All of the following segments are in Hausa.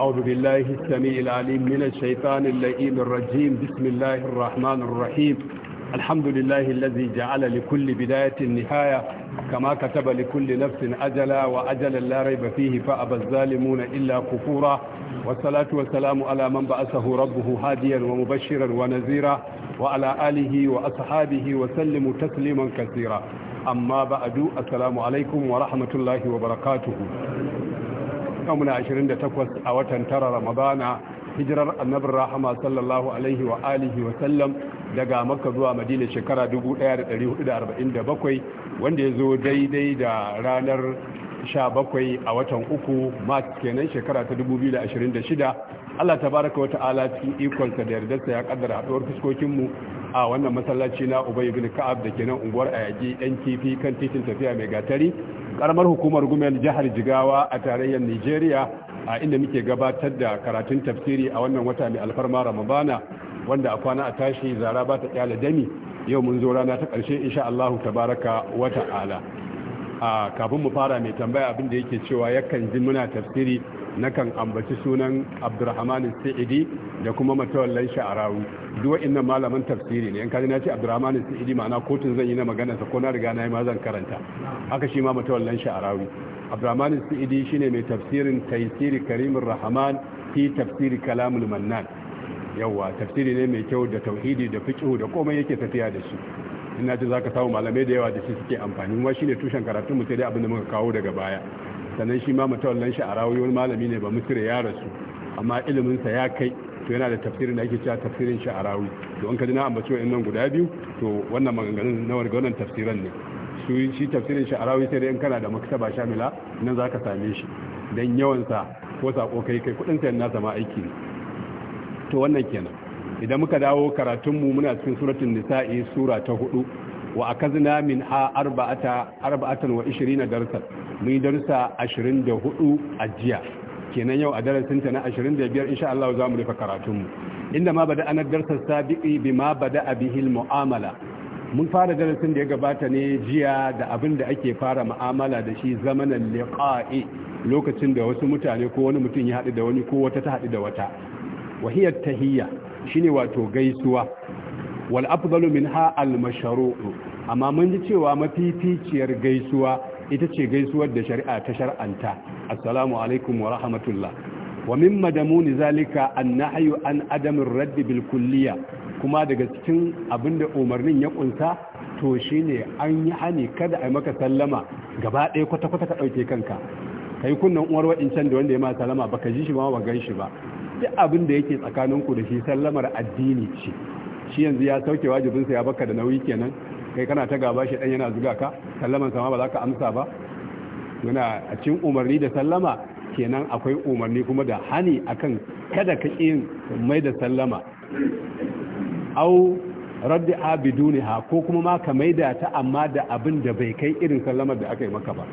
أعوذ بالله السميع العليم من الشيطان اللئيم الرجيم بسم الله الرحمن الرحيم الحمد لله الذي جعل لكل بداية نهاية كما كتب لكل نفس أجلا وأجلا لا ريب فيه فأبى الظالمون إلا كفورا والصلاة والسلام على من بعثه ربه هاديا ومبشرا ونذيرا وعلى آله وأصحابه وسلم تسليما كثيرا أما بعد السلام عليكم ورحمة الله وبركاته yau muna 28 a watan tara ramadana hijirar annabin rahama sallallahu alaihi wa alihi wa sallam daga makka zuwa madina shekara 1447 wanda ya zo daidai da ranar 17 a watan uku mat kenan shekara ta 2026 Allah ta baraka wata ala cikin ikonsa da yardarsa ya kaddara haɗuwar fuskokin mu a wannan masallaci na Ubay ibn Ka'ab da ke nan unguwar Ayaki ɗan kifi kan titin tafiya mai gatari Ƙaramar hukumar gumel jihar Jigawa a tarayyar Nijeriya a inda muke gabatar da karatun tafsiri a wannan wata mai alfarma Ramadana wanda a kwana a tashi zara ba ta kyale dami yau mun zo rana ta ƙarshe insha Allah wata ala. a kafin mu fara mai tambaya abin da yake cewa yakan ji muna tafsiri na kan ambaci sunan abdurrahman sa'idi da kuma matawallan sha'arawi duwa wa'annan malaman tafsiri ne in na ce abdurrahman sa'idi ma'ana kotun zan yi na magana ta ko na riga na yi ma karanta haka shi ma matawallan sha'arawi abdurrahman sa'idi shine mai tafsirin taisiri Karimin rahman fi tafsiri kalamul mannan yawa tafsiri ne mai kyau da tauhidi da fiqh da komai yake tafiya da shi ina ce za ka samu malamai da yawa da shi suke amfani kuma shine tushen karatun mu sai dai abin da muka kawo daga baya sannan shi ma mutawallan shi a rawayi wani malami ne ba misira ya rasu amma ilimin sa ya kai to yana da tafsirin da ake cewa tafsirin shi a rawi to in ka ji na ambaci wa'in nan guda biyu to wannan maganganun na wannan tafsiran ne su shi tafsirin shi a rawi sai dai in kana da maktaba shamila nan za ka same shi dan sa ko sako kai kai kudin sayan nasa ma aiki ne to wannan kenan idan muka dawo karatunmu muna cikin suratun nisa'i sura ta hudu wa a min ha arba'atan wa ishirina darsa mun darsa ashirin da hudu a jiya kenan yau a darasinta na ashirin da biyar insha Allah za mu rufe karatunmu inda ma bada anar darsa sabi'i bi ma bada bihil mu'amala mun fara darasin da ya gabata ne jiya da abin da ake fara mu'amala da shi zamanin liqa'i lokacin da wasu mutane ko wani mutum ya haɗu da wani ko wata ta haɗu da wata wahiyar tahiyya shine wato gaisuwa wal afdalu minha al mashru'u amma mun ji cewa mafificiyar gaisuwa ita ce gaisuwar da shari'a ta shar'anta assalamu alaikum wa rahmatullah wa min madamun zalika annahyu an adamin raddi bil kulliya kuma daga cikin abinda umarnin ya kunsa to shine an yi hani kada a maka sallama gaba ɗaya kwata kwata ka ɗauke kanka kai kunnan uwar wa'incan da wanda ya ma sallama baka ji shi ba ba gan shi ba duk abin da yake tsakaninku da shi sallamar addini ce shi yanzu ya sauke wajibinsa ya baka da nauyi kenan kai kana ta gaba shi dan yana zuga ka sallaman sama ba za ka amsa ba muna a cikin umarni da sallama kenan akwai umarni kuma da hani akan kada ka yin mai da sallama au raddi abiduniha ko kuma ma ka maida ta amma da abin da bai kai irin sallamar da aka yi maka ba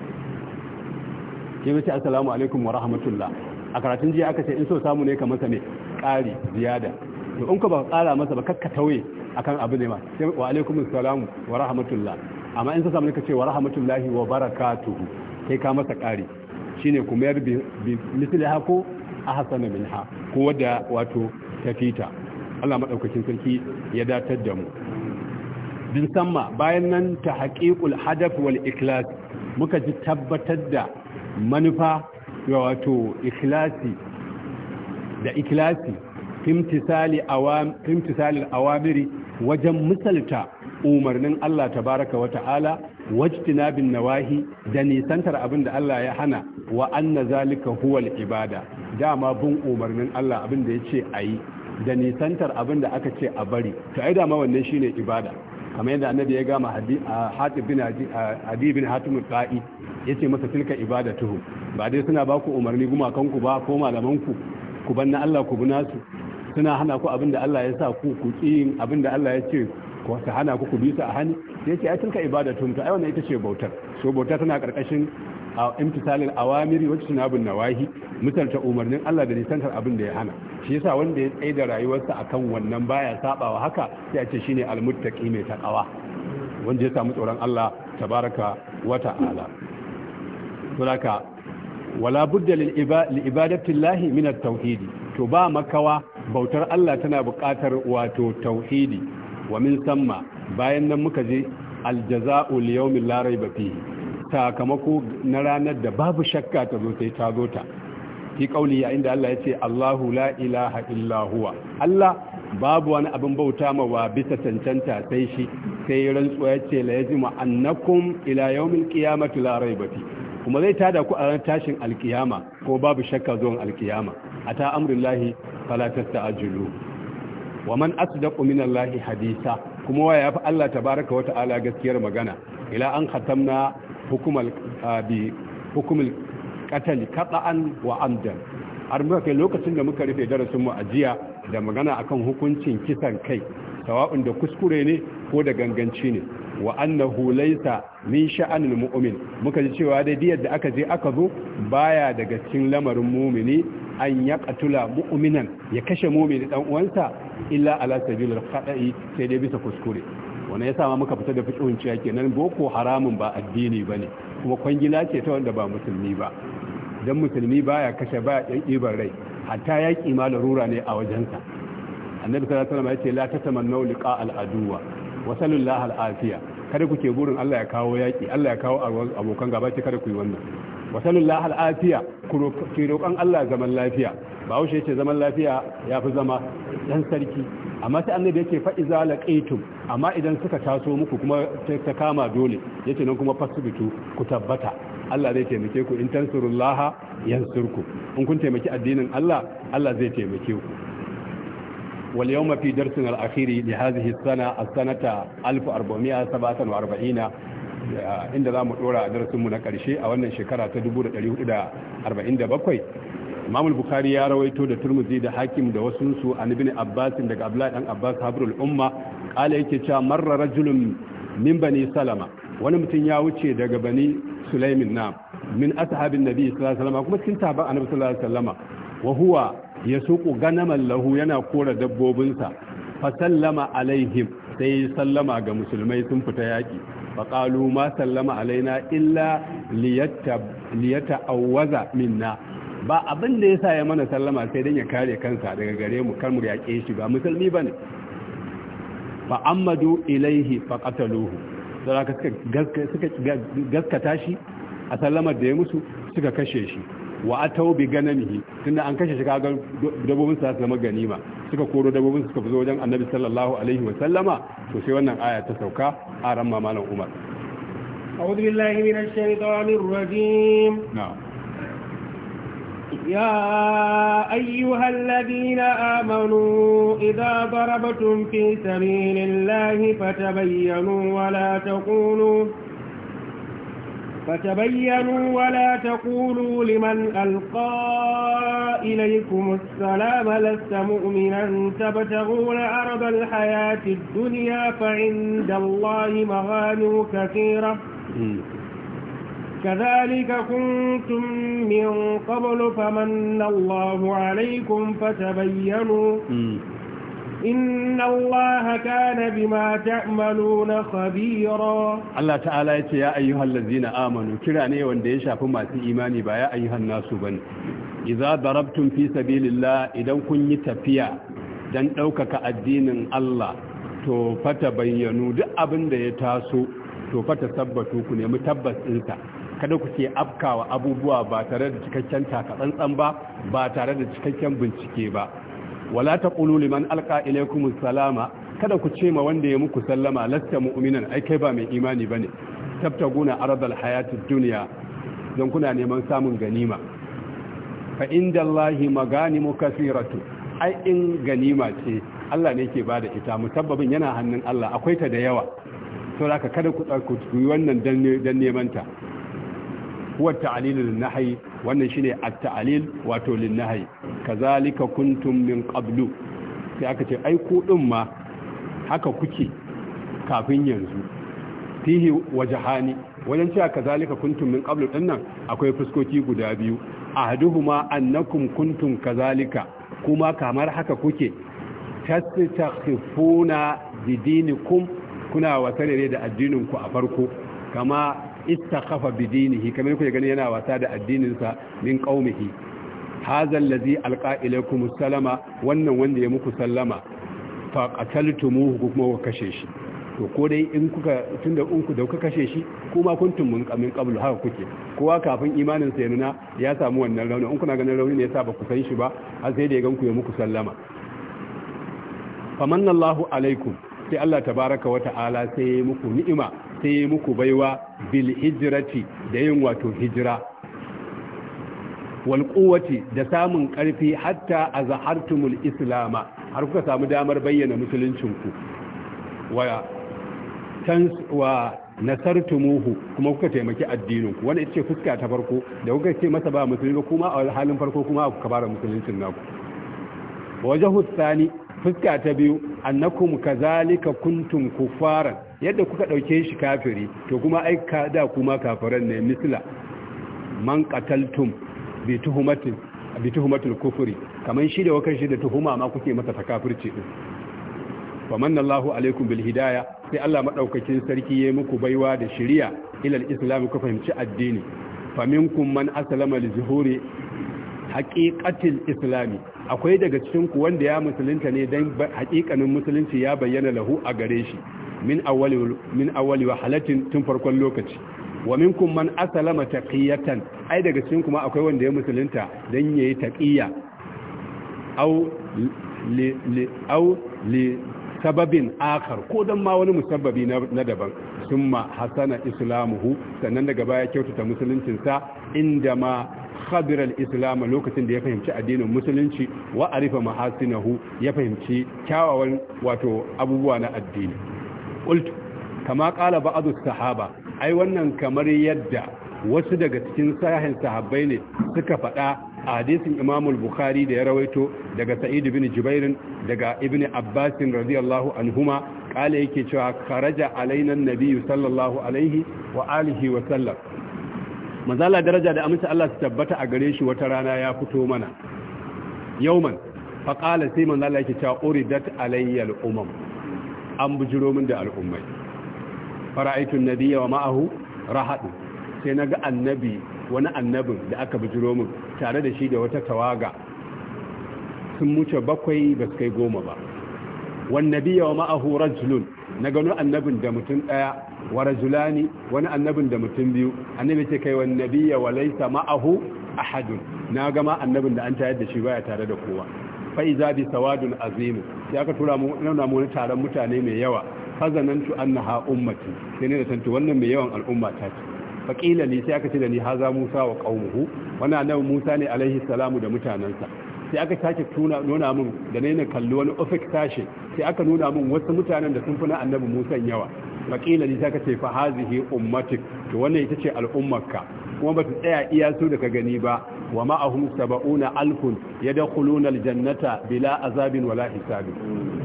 ke mace assalamu alaikum wa rahmatullah a karatun jiya aka ce in so samu ne ka masa ne ƙari ziyada to in ka ba ƙara masa ba kakka tauye akan abu ne ma sai wa alaikum wa rahmatullah amma in so samu ne ka ce wa rahmatullahi wa barakatuhu kai ka masa ƙari shine kuma yar bi misliha ko ahsana minha ko wadda wato tafita Allah madaukakin sarki ya datar da mu bin samma bayan nan ta haƙiƙul hadaf wal ikhlas muka ji tabbatar da manufa wato ikhlasi da ikhlasi fimtisali awamiri wajen misalta umarnin Allah tabaraka wa ta'ala bin nawahi da nisantar abin da Allah ya hana wa anna zalika huwal ibada dama bin umarnin Allah abin da yace ayi da nisantar abin da aka ce a bari to ai dama wannan shine ibada kamar yadda annabi ya gama hadith bin hadith bin hatim qa'i ya ce masa tilka ibadatuhu ba dai suna ba ku umarni gumakanku ba ko malamanku ku ban na Allah ku bi nasu suna hana ku abin da Allah ya sa ku ku ki abin da Allah ya ce ku ta hana ku ku bi su a hani ce ai tilka tuhu ta ai wannan ita ce bautar so bauta tana karkashin imtisalil awamiri wacce suna bin nawahi misalta umarnin Allah da nisantar abin da ya hana shi yasa wanda ya tsai da rayuwarsa akan wannan baya sabawa haka sai a ce shine almuttaqi mai takawa wanda ya samu tsoron Allah tabaraka wa ta'ala suraka wala budda lil ibadatillahi min at to ba makawa bautar Allah tana buƙatar wato tauhidi wa min samma bayan nan muka je aljaza'u li la rayba fihi sakamako na ranar da babu shakka ta zo sai ta zo ta fi kauli yayin Allah ya ce Allahu la ilaha illa huwa Allah babu wani abin bauta ma wa bisa cancanta sai shi sai rantsuwa ya ce la yajma annakum ila yawmil qiyamati la rayba fi kuma zai tada ku a ran tashin alkiyama ko babu shakka zuwan alkiyama a lahi falatar ta tasta'jilu wa man asdaqu minallahi hadisa kuma waya yafi Allah baraka wa ta'ala gaskiyar magana ila an khatamna hukumal bi hukumul qatl wa amdan har muka kai lokacin da muka rufe darasin mu jiya da magana akan hukuncin kisan kai sawa'un da kuskure ne ko da ganganci ne wa annahu laysa min sha'anil mu'min muka ji cewa dai diyar da aka je aka zo baya daga cikin lamarin mumini an ya katula mu'minan ya kashe mumini dan uwansa illa ala sabilil khata'i sai dai bisa kuskure wanda ya sama muka fita da fiqhun cewa kenan boko haramun ba addini bane kuma kwangila ce ta wanda ba musulmi ba dan musulmi baya kashe ba yan ibar rai hatta yaki ma larura ne a wajensa annabi sallallahu alaihi wasallam ya ce la tatamannu liqa al aduwa wasallallahu al'afiya kada kuke burin Allah ya kawo yaki Allah ya kawo abokan gaba ce kada ku yi wannan wasallallahu al'afiya ku roƙon Allah zaman lafiya ba haushe yace zaman lafiya ya fi zama dan sarki amma sai annabi yake fa iza laqaytum amma idan suka taso muku kuma ta kama dole yace nan kuma fasbitu ku tabbata Allah zai taimake ku in tansurullaha yansurku in kun taimaki addinin Allah Allah zai taimake ku واليوم في درسنا الأخير لهذه السنة السنة 1447 inda zamu ɗora a darsin mu na karshe a wannan shekara ta 1447 Imam al-Bukhari ya rawaito da Turmuzi da Hakim da wasu su an ibn Abbas daga Abdullah dan Abbas habrul umma kala yake cewa marra rajulun min bani Salama wani mutum ya wuce daga bani Sulaimin na min ashabin Nabi sallallahu alaihi wasallam kuma cikin tabi'an Annabi sallallahu alaihi ya suku ganaman lahu yana kora dabbobinsa fa sallama alaihim sai sallama ga musulmai sun fita yaƙi fa qalu ma sallama alaina illa liyata'awwaza minna ba abin da yasa ya mana sallama sai dan ya kare kansa daga gare mu kar mu yaƙe shi ba musulmi bane fa ammadu ilaihi fa qataluhu saboda suka gaskata shi a sallamar da ya musu suka kashe shi wa atau bi ganamihi tunda an kashe shi kaga dabobin sa zama ganima suka koro dabobin suka zo wajen annabi sallallahu alaihi wa sallama to sai wannan aya ta sauka a ran mamalan umar أعوذ بالله من الشيطان الرجيم نعم يا أيها الذين آمنوا إذا ضربتم في سبيل الله فتبينوا ولا تقولوا فتبينوا ولا تقولوا لمن ألقى إليكم السلام لست مؤمنا تبتغون عرض الحياة الدنيا فعند الله مغانم كثيرة كذلك كنتم من قبل فمن الله عليكم فتبينوا إن Ta'ala كان بما تعملون خبيرا الله تعالى يا أيها الذين آمنوا كراني وانديشا فما في إيماني بايا أيها الناس بن إذا ضربتم في سبيل الله إذا كن يتفيا dan ɗaukaka addinin Allah to fata bayyanu duk abin da ya taso to fata sabbatu ku nemi tabbas ɗinsa kada ku ke afkawa abubuwa ba tare da cikakken takatsantsan ba ba tare da cikakken bincike ba wala ƙulu liman alqa kuma salama kada ku ce ma wanda ya muku sallama lasta mu'uminan aike ba mai imani ba ne, bane guna arzal hayatun duniya, don kuna neman samun ganima fa inda Allah muka kasiratu ai in ganima ce Allah ne ke bada ita musabbabin yana hannun Allah akwai ta da yawa saboda kada ku tsarku wannan dan neman ta huwa wannan shine at ta'alil wato lin nahai kazalika kuntum min qablu sai aka ce ai ku din ma haka kuke kafin yanzu fihi wajhani wajen cewa kazalika kuntum min qablu nan akwai fuskoki guda biyu ahaduhuma annakum kuntum kazalika kuma kamar haka kuke tastakhifuna bidinikum kuna wasa ne da addinin ku a farko kama istakhafa bidinihi kamar kuke gani yana wasa da addininsa min qaumihi hazan lazi alqa ilaykum salama wannan wanda ya muku sallama fa qataltumuhu kuma ku kashe shi to ko dai in kuka tunda in ku da kuka kashe shi kuma kuntum mun kamin qablu haka kuke kowa kafin imanin sa ya ya samu wannan rauni in kuna ganin rauni ne yasa ba ku san shi ba har sai da ya ganku ya muku sallama famanna Allahu alaikum sai Allah tabaaraka wa ta'ala sai ya muku ni'ima sai ya muku baiwa bil hijrati da yin wato hijira wal quwwati da samun ƙarfi hatta azhartumul islama har kuka samu damar bayyana musuluncinku wa wa nasartumuhu kuma kuka taimaki addininku wanda ita ce fuska ta farko da kuka ce masa ba musulmi kuma a halin farko kuma kuka fara musuluncin naku waje hussani fuska ta biyu annakum kazalika kuntum kufaran yadda kuka dauke shi kafiri to kuma ai da kuma kafiran ne misla man qataltum bi bi tuhumatul kufuri kaman shi da wakan shi da tuhuma ma kuke masa takafirci din wa manna Allahu alaikum bil hidayah sai Allah madaukakin sarki yayi muku baiwa da shiriya ilal islam ku fahimci addini faminkum man aslama li zuhuri haqiqatil islami akwai daga cikin ku wanda ya musulunta ne dan haqiqanin musulunci ya bayyana lahu a gare shi min awwali min awwali wa halatin tun farkon lokaci wa minkum man aslama taqiyatan ai daga cikin kuma akwai wanda ya musulunta dan yayi taqiya au li li au li sababin akar ko dan ma wani musabbabi na daban summa hasana islamuhu sannan daga baya kyautata musuluncinsa inda ma khabira al lokacin da ya fahimci addinin musulunci wa arifa mahasinahu ya fahimci kyawawan wato abubuwa na addini qult kama qala ba'd sahaba ai wannan kamar yadda wasu daga cikin sahihin sahabbai ne suka faɗa a hadisin Imam al-Bukhari da ya rawaito daga Sa'id ibn Jubair daga Ibn Abbas radiyallahu anhuma kale yake cewa kharaja alaina an-nabiy sallallahu alaihi wa alihi wa sallam daraja da amsa Allah su tabbata a gare shi wata rana ya fito mana yauman qala sai manzala yake cewa uridat al umam an bujiro min da al'ummai fara'aitun nabiyya wa ma'ahu rahadu sai na ga annabi wani annabin da aka bijiro min tare da shi da wata tawaga sun muce bakwai ba su kai goma ba wani nabiyya wa ma'ahu rajulun na gano annabin da mutum ɗaya wa rajulani wani annabin da mutum biyu annabi ce kai wani nabiyya wa laisa ma'ahu ahadun na gama annabin da an tayar da shi baya tare da kowa fa'iza bi sawadun azimu sai aka tura mu nuna mu taron mutane mai yawa fazanantu annaha ummati sai ne da tantu wannan mai yawan al'umma ta ce faqila ne sai aka ce da ni haza Musa wa qaumuhu Wani annabi Musa ne alaihi salamu da mutanansa sai aka sake tuna nuna min da ne na kalli wani ofik tashi sai aka nuna min wasu mutanen da sun fi na annabi Musa yawa faqila ne sai aka ce fa hazihi ummatik to wannan ita ce al'ummarka kuma ba su tsaya iya su daga gani ba wa alkun ya alfun kulunar jannata bila azabin wala hisabi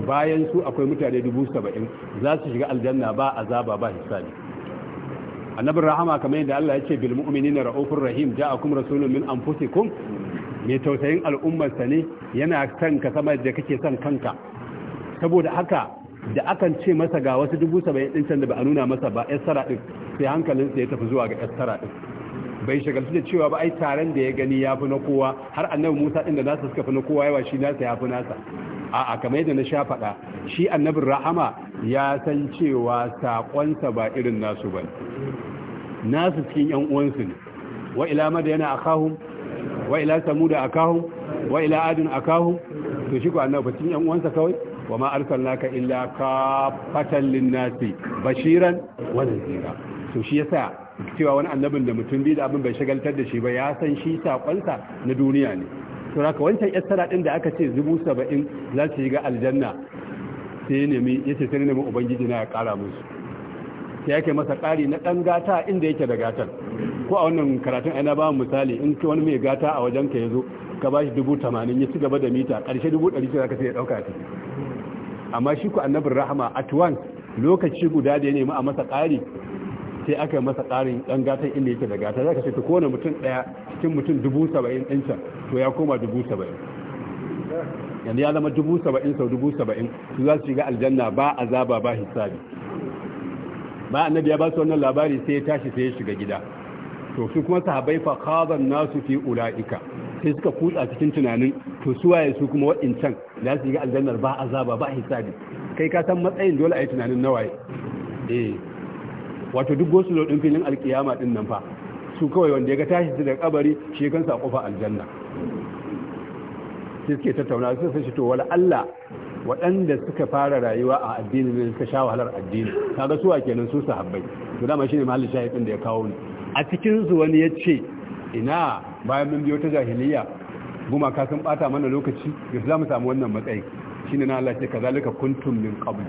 bayan su akwai mutane dubu saba'in za su shiga aljanna ba azaba ba hisabi annabin rahama kamar yadda Allah ya ce bil na ra'ufur rahim kuma rasulun min kun mai tausayin al'ummarsa ne yana son ka sama da kake son kanka saboda haka da akan ce masa ga wasu dubu saba'in ɗin can da ba a nuna masa ba yassara ɗin sai hankalinsa ya tafi zuwa ga yassara ɗin bai shagaltu da cewa ba ai taron da ya gani ya fi na kowa har annabi musa ɗin da nasa suka fi na kowa yawa shi nasa ya fi nasa a'a kamar yadda na sha faɗa shi annabin rahama ya san cewa saƙonsa ba irin nasu ba nasu cikin yan uwansu ne wa ila a kahu wa ila a akahum wa ila adin akahum to shi ko annabi cikin yan uwansa kawai wa ma arsalnaka illa ka fatan nasi bashiran wa nadhira to shi yasa cewa wani annabin da mutum biyu da abin bai shagaltar da shi ba ya san shi sakonsa na duniya ne to haka wancan yassara din da aka ce zubu saba'in za su shiga aljanna sai ya nemi ya ce sai nemi ubangiji na ya kara musu sai yake masa kari na dan gata inda yake da gatar. ko a wannan karatun na ba misali in ki wani mai gata a wajen ka yazo ka ba shi dubu tamanin ya ci gaba da mita karshe dubu ɗari ce zaka sai ya ɗauka ta amma shi ku annabin rahama at once lokaci guda da ya nemi a masa ƙari sai aka yi masa ƙarin ɗan gatan inda yake da gata za ka ce ta kone mutum ɗaya cikin mutum dubu saba'in ɗin can to ya koma dubu saba'in yanzu ya zama dubu saba'in sau dubu saba'in su za su shiga aljanna ba azaba ba hisabi ba annabi ya ba su wannan labari sai ya tashi sai ya shiga gida to su kuma sahabai fa khazan nasu fi ulaika sai suka kutsa cikin tunanin to su waye su kuma waɗancan za su shiga aljannar ba azaba ba hisabi kai ka san matsayin dole a yi tunanin nawaye eh wato duk gosulo ɗin filin alkiyama din nan fa su kawai wanda ya ga tashi su kabari shi kan sa kofa aljanna sai suke tattauna su sai shi to wala Allah waɗanda suka fara rayuwa a addini ne suka sha wahalar addini kaga suwa kenan su sahabbai to dama shine mahallin shahidin da ya kawo ni a cikin su wani ya ce ina bayan mun biyo ta jahiliya ka sun bata mana lokaci ga za mu samu wannan matsayi shine na Allah ce kazalika kuntum min qabl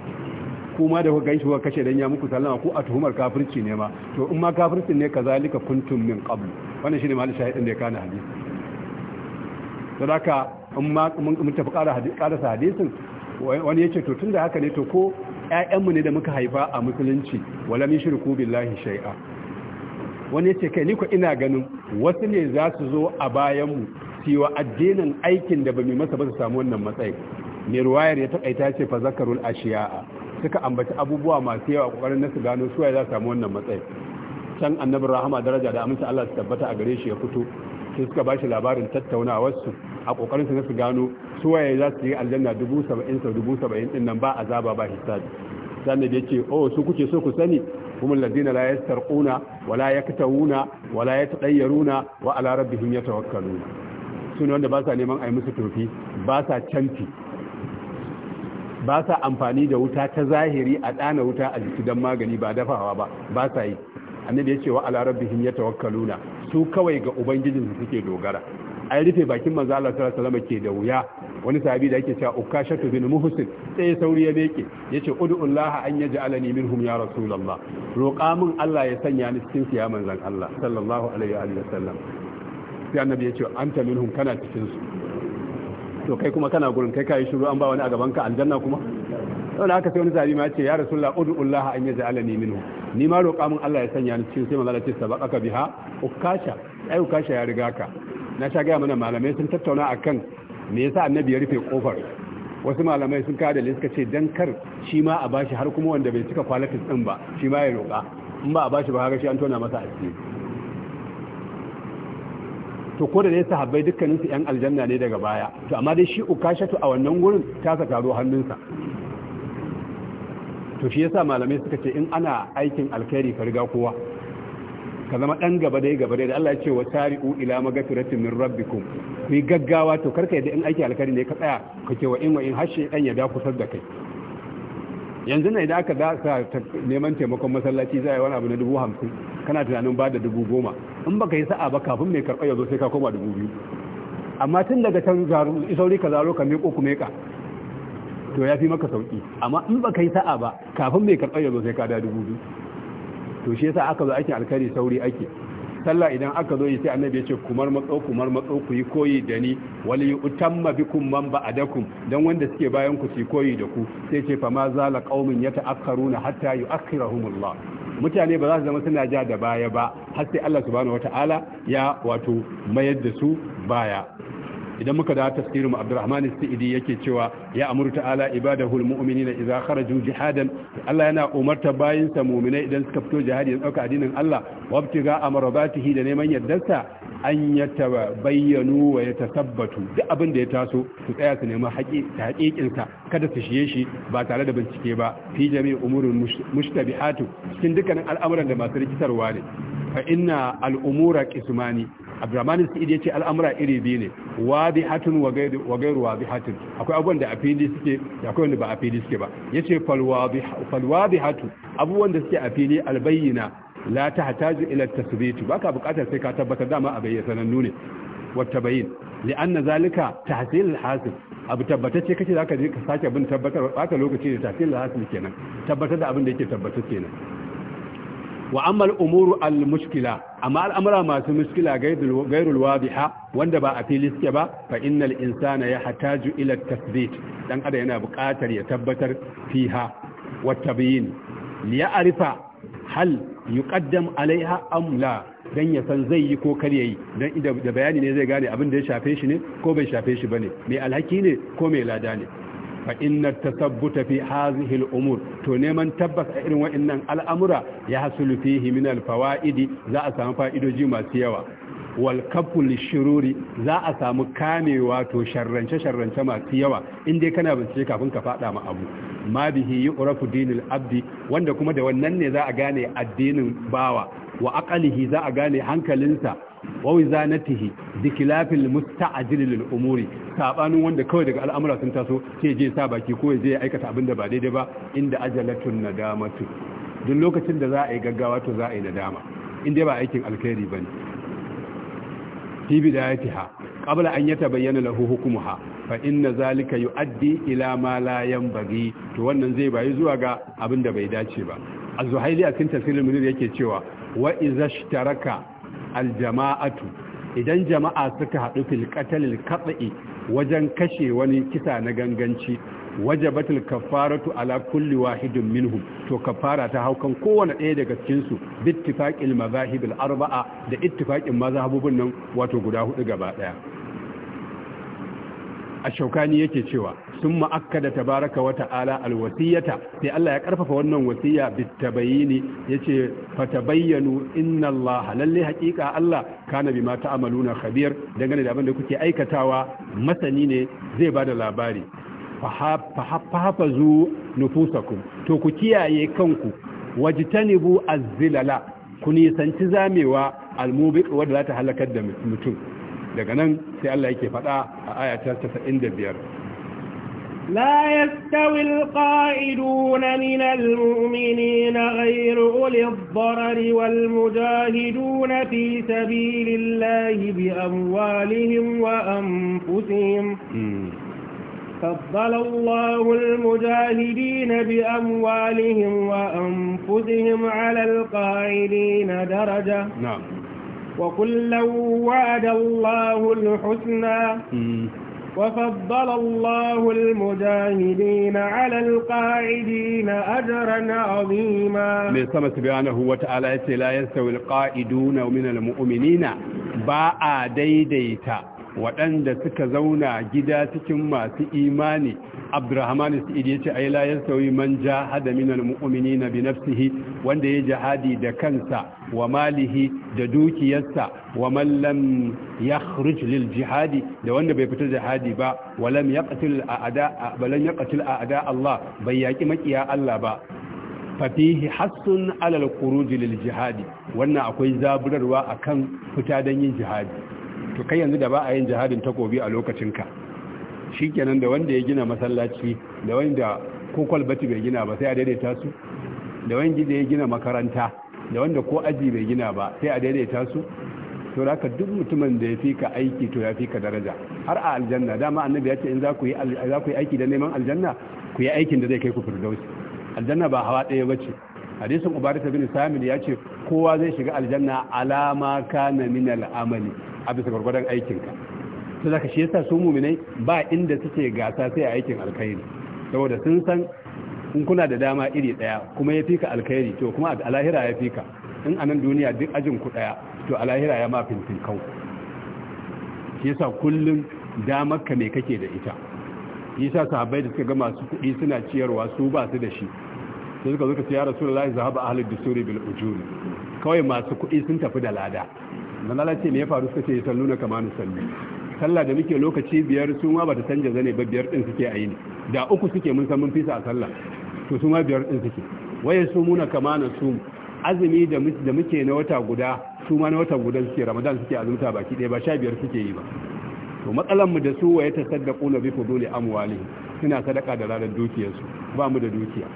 kuma da kuka shi kuka kashe dan ya muku sallama ko a tuhumar kafirci ne ma to in ma kafircin ne kazalika kuntum min qabl wannan shine mahallin shahidin da ya kana hadisi daka in ma mun tafi ƙara hadisi ƙara hadisin wani yace to tunda haka ne to ko mu ne da muka haifa a musulunci wala min shirku billahi shay'a wani yace kai ni ko ina ganin wasu ne za su zo a bayan mu siwa addinin aikin da ba mai masa ba su samu wannan matsayi mai ruwayar ya takaita ce fa zakarul ashiya'a suka ambaci abubuwa masu yawa kokarin nasu gano suwa za samu wannan matsayi can annabin rahama daraja da aminci Allah su tabbata a gare shi ya fito sai suka bashi labarin tattaunawarsu a kokarin su na su gano ya za su yi aljanna dubu saba'in sau dubu saba'in din nan ba zaba ba hisabi sannan da ce oh su kuke so ku sani kuma ladina la yastarquna wa wala yaktawuna wa la yatadayyaruna wa ala rabbihim yatawakkaluna sune wanda ba sa neman ayi musu tofi ba sa canfi ba sa amfani da wuta ta zahiri a ɗana wuta a jiki don magani ba dafawa ba ba sa yi annabi ya ce wa ala rabbihim yatawakkaluna su kawai ga ubangijin su suke dogara ai rufe bakin manzo Allah sallallahu alaihi ke da wuya wani sahabi da yake cewa ukashatu bin muhsin sai ya sauri ya leke yace ud'ullaha an yaj'alani minhum ya rasulullah roƙa min Allah ya sanya ni cikin su ya manzon Allah sallallahu alaihi wa sallam sai annabi ya ce anta minhum kana cikinsu. to kai kuma kana gurin kai kai shiru an ba wani a gaban ka aljanna kuma don haka sai wani zabi ma ya ce ya rasulullah ud'ullaha an min minhu ni ma roƙa mun Allah ya sanya ni cikin sai manzo ce sabaqaka biha ukasha ai ukasha ya riga ka na sha gaya mana malamai sun tattauna akan me yasa annabi ya rufe kofar wasu malamai sun kada da suka ce dan kar shi ma a bashi har kuma wanda bai cika kwalatis din ba shi ma ya roƙa in ba a bashi ba ga shi an tona masa asiri to ko da dai sahabbai dukkanin su yan aljanna ne daga baya to amma dai shi ukashatu a wannan gurin ta sa taro hannunsa to shi yasa malamai suka ce in ana aikin alkhairi ka riga kowa ka zama dan gaba dai gaba dai da Allah ya ce wa tari'u ila magfiratin min rabbikum ku yi gaggawa to karka yadda in aiki alkhairi ne ka tsaya ka ce wa in wa in hashe dan ya da kusar da kai yanzu na idan aka dasa neman taimakon masallaci za a yi wani abu na dubu hamsin kana tunanin ba da dubu goma in baka yi sa'a ba kafin mai karɓar yanzu sai ka koma dubu biyu amma tun daga can isauri ka zaro ka miƙo kuma ka to ya fi maka sauƙi amma in baka yi sa'a ba kafin mai karɓar yanzu sai ka da dubu biyu to shi yasa aka zo aikin alkhairi sauri ake sallah idan aka zo yi sai annabi ya ce kumar matso kumar matso ku yi koyi da ni wali utamma bikum man ba'adakum dan wanda suke bayan ku su koyi da ku sai ce fa ma zala qaumin yata'akkaruna hatta yu'akhirahumullah mutane ba za su zama suna ja da baya ba har sai Allah subhanahu wataala ya wato mayar da su baya idan muka da tafsirin mu Abdurrahman Sa'idi yake cewa ya amuru ta'ala ibadahu na idza kharaju jihadan Allah yana umarta bayin sa mu'minai idan suka fito jihadi ya dauka addinin Allah wabtiga amradatihi da neman yardarsa an ya bayyanu wa ya tasabbatu duk abin da ya taso su tsaya su nemi haƙiƙinsa kada su shiye shi ba tare da bincike ba fi jami umurin mushtabihatu cikin dukkanin al'amuran da masu rikitarwa ne fa inna al'umura qismani abdurrahman sa'id ce al'amura iri biyu ne wadihatun wa gairu wa gairu wadihatun akwai abubuwan da a fili suke akwai wanda ba a fili suke ba yace fal wadihatu abubuwan da suke a fili albayyina la tahtaju ila at-tathbit baka bukatar sai ka tabbatar dama a bayyana sanannu ne wa tabayin li'anna zalika tahsil al-hasib abu tabbatacce kace zaka je ka sake bin tabbatar baka lokaci da tahsil al-hasib kenan tabbatar da abin da yake tabbatar kenan wa amma al-umuru al-mushkila amma al'amura masu mushkila gairul wadiha wanda ba a fili suke ba fa innal insana yahtaju ila at-tathbit dan ada yana buƙatar ya tabbatar fiha wa tabayin li ya'rifa hal yuqaddam alaiha am la dan ya san zai yi ko kar yayi dan da bayani ne zai gane abin da ya shafe shi ne ko bai shafe shi ba ne mai alhaki ne ko mai lada ne fa inna tasabbuta fi hadhihi al-umur to neman tabbas a irin wa'annan al'amura ya hasulu fihi min al-fawaidi za a samu fa'idoji masu yawa wal kaful shururi za a samu kamewa to sharrance sharrance masu yawa in dai kana bincike kafin ka faɗa ma abu ma bihi yuqrafu dinul abdi wanda kuma da wannan ne za a gane addinin bawa wa aqalihi za a gane hankalinsa wa wizanatihi dikilafil musta'jil lil umuri sabanin wanda kawai daga al'amura sun taso ke je sa baki ko je aikata abin da ba daidai ba inda ajalatun nadamatu duk lokacin da za a yi gaggawa to za a yi nadama in dai ba aikin alkhairi bane fi bidayatiha qabla an yatabayyana lahu hukmuha fa inna zalika addi ila ma la yanbaghi to wannan zai bayi zuwa ga abin da bai dace ba az-zuhaili a cikin tafsirin munir yake cewa wa idza ishtaraka al-jama'atu idan jama'a suka haɗu fil katsi qat'i wajen kashe wani kisa na ganganci wajabatul kafaratu ala kulli wahidin minhum to kafara ta haukan kowane ɗaya daga cikin su bittifaqil mazahib al arba'a da ittifaqin mazhabubun nan wato guda hudu gaba daya ashaukani yake cewa sun ma'akkada tabaraka wa ta'ala alwasiyata sai Allah ya karfafa wannan wasiya bitabayini yace fatabayyanu inna Allah lalle haqiqa Allah kana bima ta'amaluna khabir dangane da abin da kuke aikatawa masani ne zai bada labari fahafazu nufusakum to ku kiyaye kanku wajtanibu a zilala ku nisanci zamewa al-mubiq wanda halakar da mutum daga nan sai Allah yake faɗa a aya ta 75 لا يستوي القائدون من المؤمنين غير أولي الضرر والمجاهدون في سبيل الله بأموالهم وأنفسهم فضل الله المجاهدين بأموالهم وأنفسهم على القائلين درجة نعم وكلا وعد الله الحسنى وفضل الله المجاهدين على القاعدين أجرا عظيما من سمى سبحانه وتعالى لا يستوي القائدون من المؤمنين باء ديديتا waɗanda suka zauna gida cikin masu imani abdurrahman sa'id yace ay la yastawi man minan minal mu'minina bi nafsihi wanda ya jihadi da kansa wa malihi da dukiyarsa wa man ya lil jihadi da wanda bai fita jihadi ba wa lam yaqtil a'da balan a'da Allah bai yaƙi makiya Allah ba fafihi hassun alal kuruji lil jihadi wannan akwai zaburarwa akan fita don yin jihadi to kai yanzu da ba a yin jihadin takobi a lokacinka shi kenan da wanda ya gina masallaci da wanda ko kwalbati bai gina ba sai a daidaita su da wanda da ya gina makaranta da wanda ko aji bai gina ba sai a daidaita su to raka duk mutumin da ya fi ka aiki to ya fi ka daraja har a aljanna dama annabi ya ce in za ku yi aiki da neman aljanna ku yi aikin da zai kai ku firdausi aljanna ba hawa ɗaya ba ce hadisin ubarata bin samir ya ce kowa zai shiga aljanna alama kana minal al'amali a bisa gwargwadon aikinka su zaka shi yasa su muminai ba inda suke gasa sai a aikin alkhairi saboda sun san in kuna da dama iri daya kuma ya fika alkhairi to kuma a lahira ya fika in anan duniya duk ajin ku daya to a lahira ya ma fintin kau shi yasa kullum damar ka me kake da ita yasa sahabbai da suka ga masu kuɗi suna ciyarwa su ba su da shi sai suka zo ka ce ya rasulullahi zahaba ahlud dusuri bil ujuri kawai masu kuɗi sun tafi da lada manzala ce me ya faru suka ce sallu na kamanu sallu sallah da muke lokaci biyar su ma bata canja zane ba biyar din suke a yini da uku suke mun san mun fisa a sallah to su ma biyar din suke waye su muna kamanu su azumi da muke na wata guda su ma na wata guda suke ramadan suke azumta baki ɗaya ba sha biyar suke yi ba to matsalan mu da su waye ta saddaku na bi fuduli amwali suna sadaka da ranar dukiyarsu ba mu da dukiya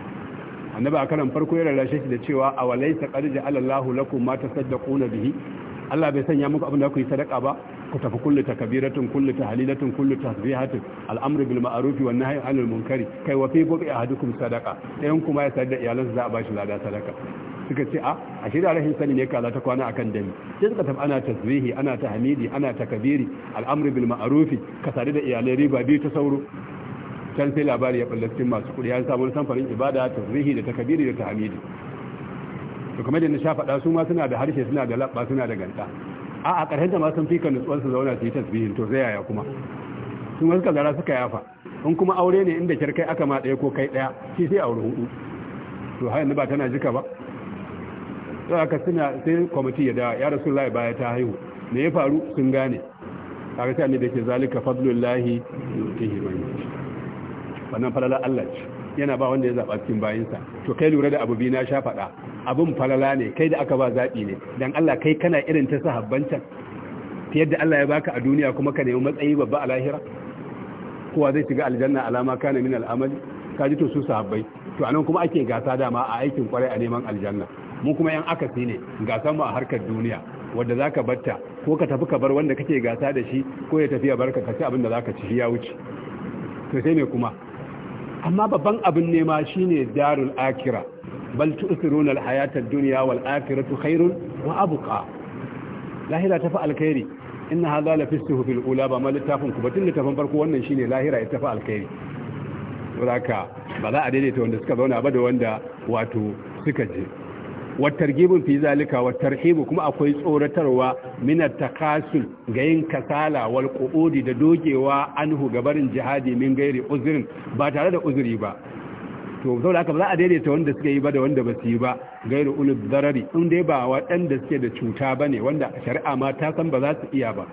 annabi a karan farko ya rarrashe shi da cewa awalaysa qad ja'ala Allahu lakum ma tasaddaquna bihi Allah bai sanya muku abin da ku yi sadaka ba ku tafi kullu takbiratun kullu tahlilatun kullu tasbihatun al'amru bil ma'ruf wa nahyi 'anil munkari kai wa fi buqi ahadukum sadaka dayan kuma ya sadda iyalansa za a bashi lada sadaka suka ce ah, a ashe da rahin sani ne kaza ta kwana akan dami sai suka tafi ana tasbihi ana tahmidi ana takbiri al'amru bil ma'ruf ka sadu da iyalai riba biyu ta sauro can sai labari ya balle cikin masu kudi ya samu samfarin ibada tasbihi da takbiri da tahmidi to kamar da na sha faɗa su ma suna da harshe suna da laɓa suna da ganta a a ƙarshen ta ma sun fi nutsuwar su zauna su yi tasbihin to zai yaya kuma su ma suka zara suka yafa in kuma aure ne inda kirkai aka ma ɗaya ko kai ɗaya shi sai aure hudu to har yanzu ba tana jika ba sai aka suna sai kwamiti ya dawa ya rasu lai baya ta haihu me ya faru sun gane a ga ne da ke zalika fadlullahi yutihi man wannan falala Allah ce yana ba wanda ya zaba cikin bayinsa to kai lura da abu na sha faɗa abin falala ne kai da aka ba zaɓi ne don Allah kai kana irin ta sahabbancan ta yadda Allah ya baka a duniya kuma ka nemi matsayi babba a lahira kowa zai shiga aljanna alama kana min al'amali ka ji to su sahabbai to anan kuma ake gasa dama a aikin kwarai a neman aljanna mu kuma yan akasi ne gasan mu a harkar duniya wanda zaka batta ko ka tafi ka bar wanda kake gasa da shi ko ya tafi ya barka ka ci abin da zaka ci ya wuce to sai ne kuma amma babban abin nema shine darul akira bal tu'thiruna al-hayata ad-dunya wal akhiratu khairun wa abqa lahira tafi alkhairi inna hadha la fi suhufil ula ba ma littafin ku batun littafin farko wannan shine lahira ya tafi alkhairi saboda ba za a daidaita wanda suka zauna ba da wanda wato suka je wa targhibun fi zalika wa tarhibu kuma akwai tsoratarwa min at-takasul ga yin kasala wal qu'udi da dogewa anhu gabarin jihadi min gairi uzrin ba tare da uzuri ba to saboda aka ba za a daidaita wanda suka yi ba da wanda ba su yi ba gairu ulul zarari in dai ba waɗanda suke da cuta ba ne. wanda shari'a ma ta san ba za su iya ba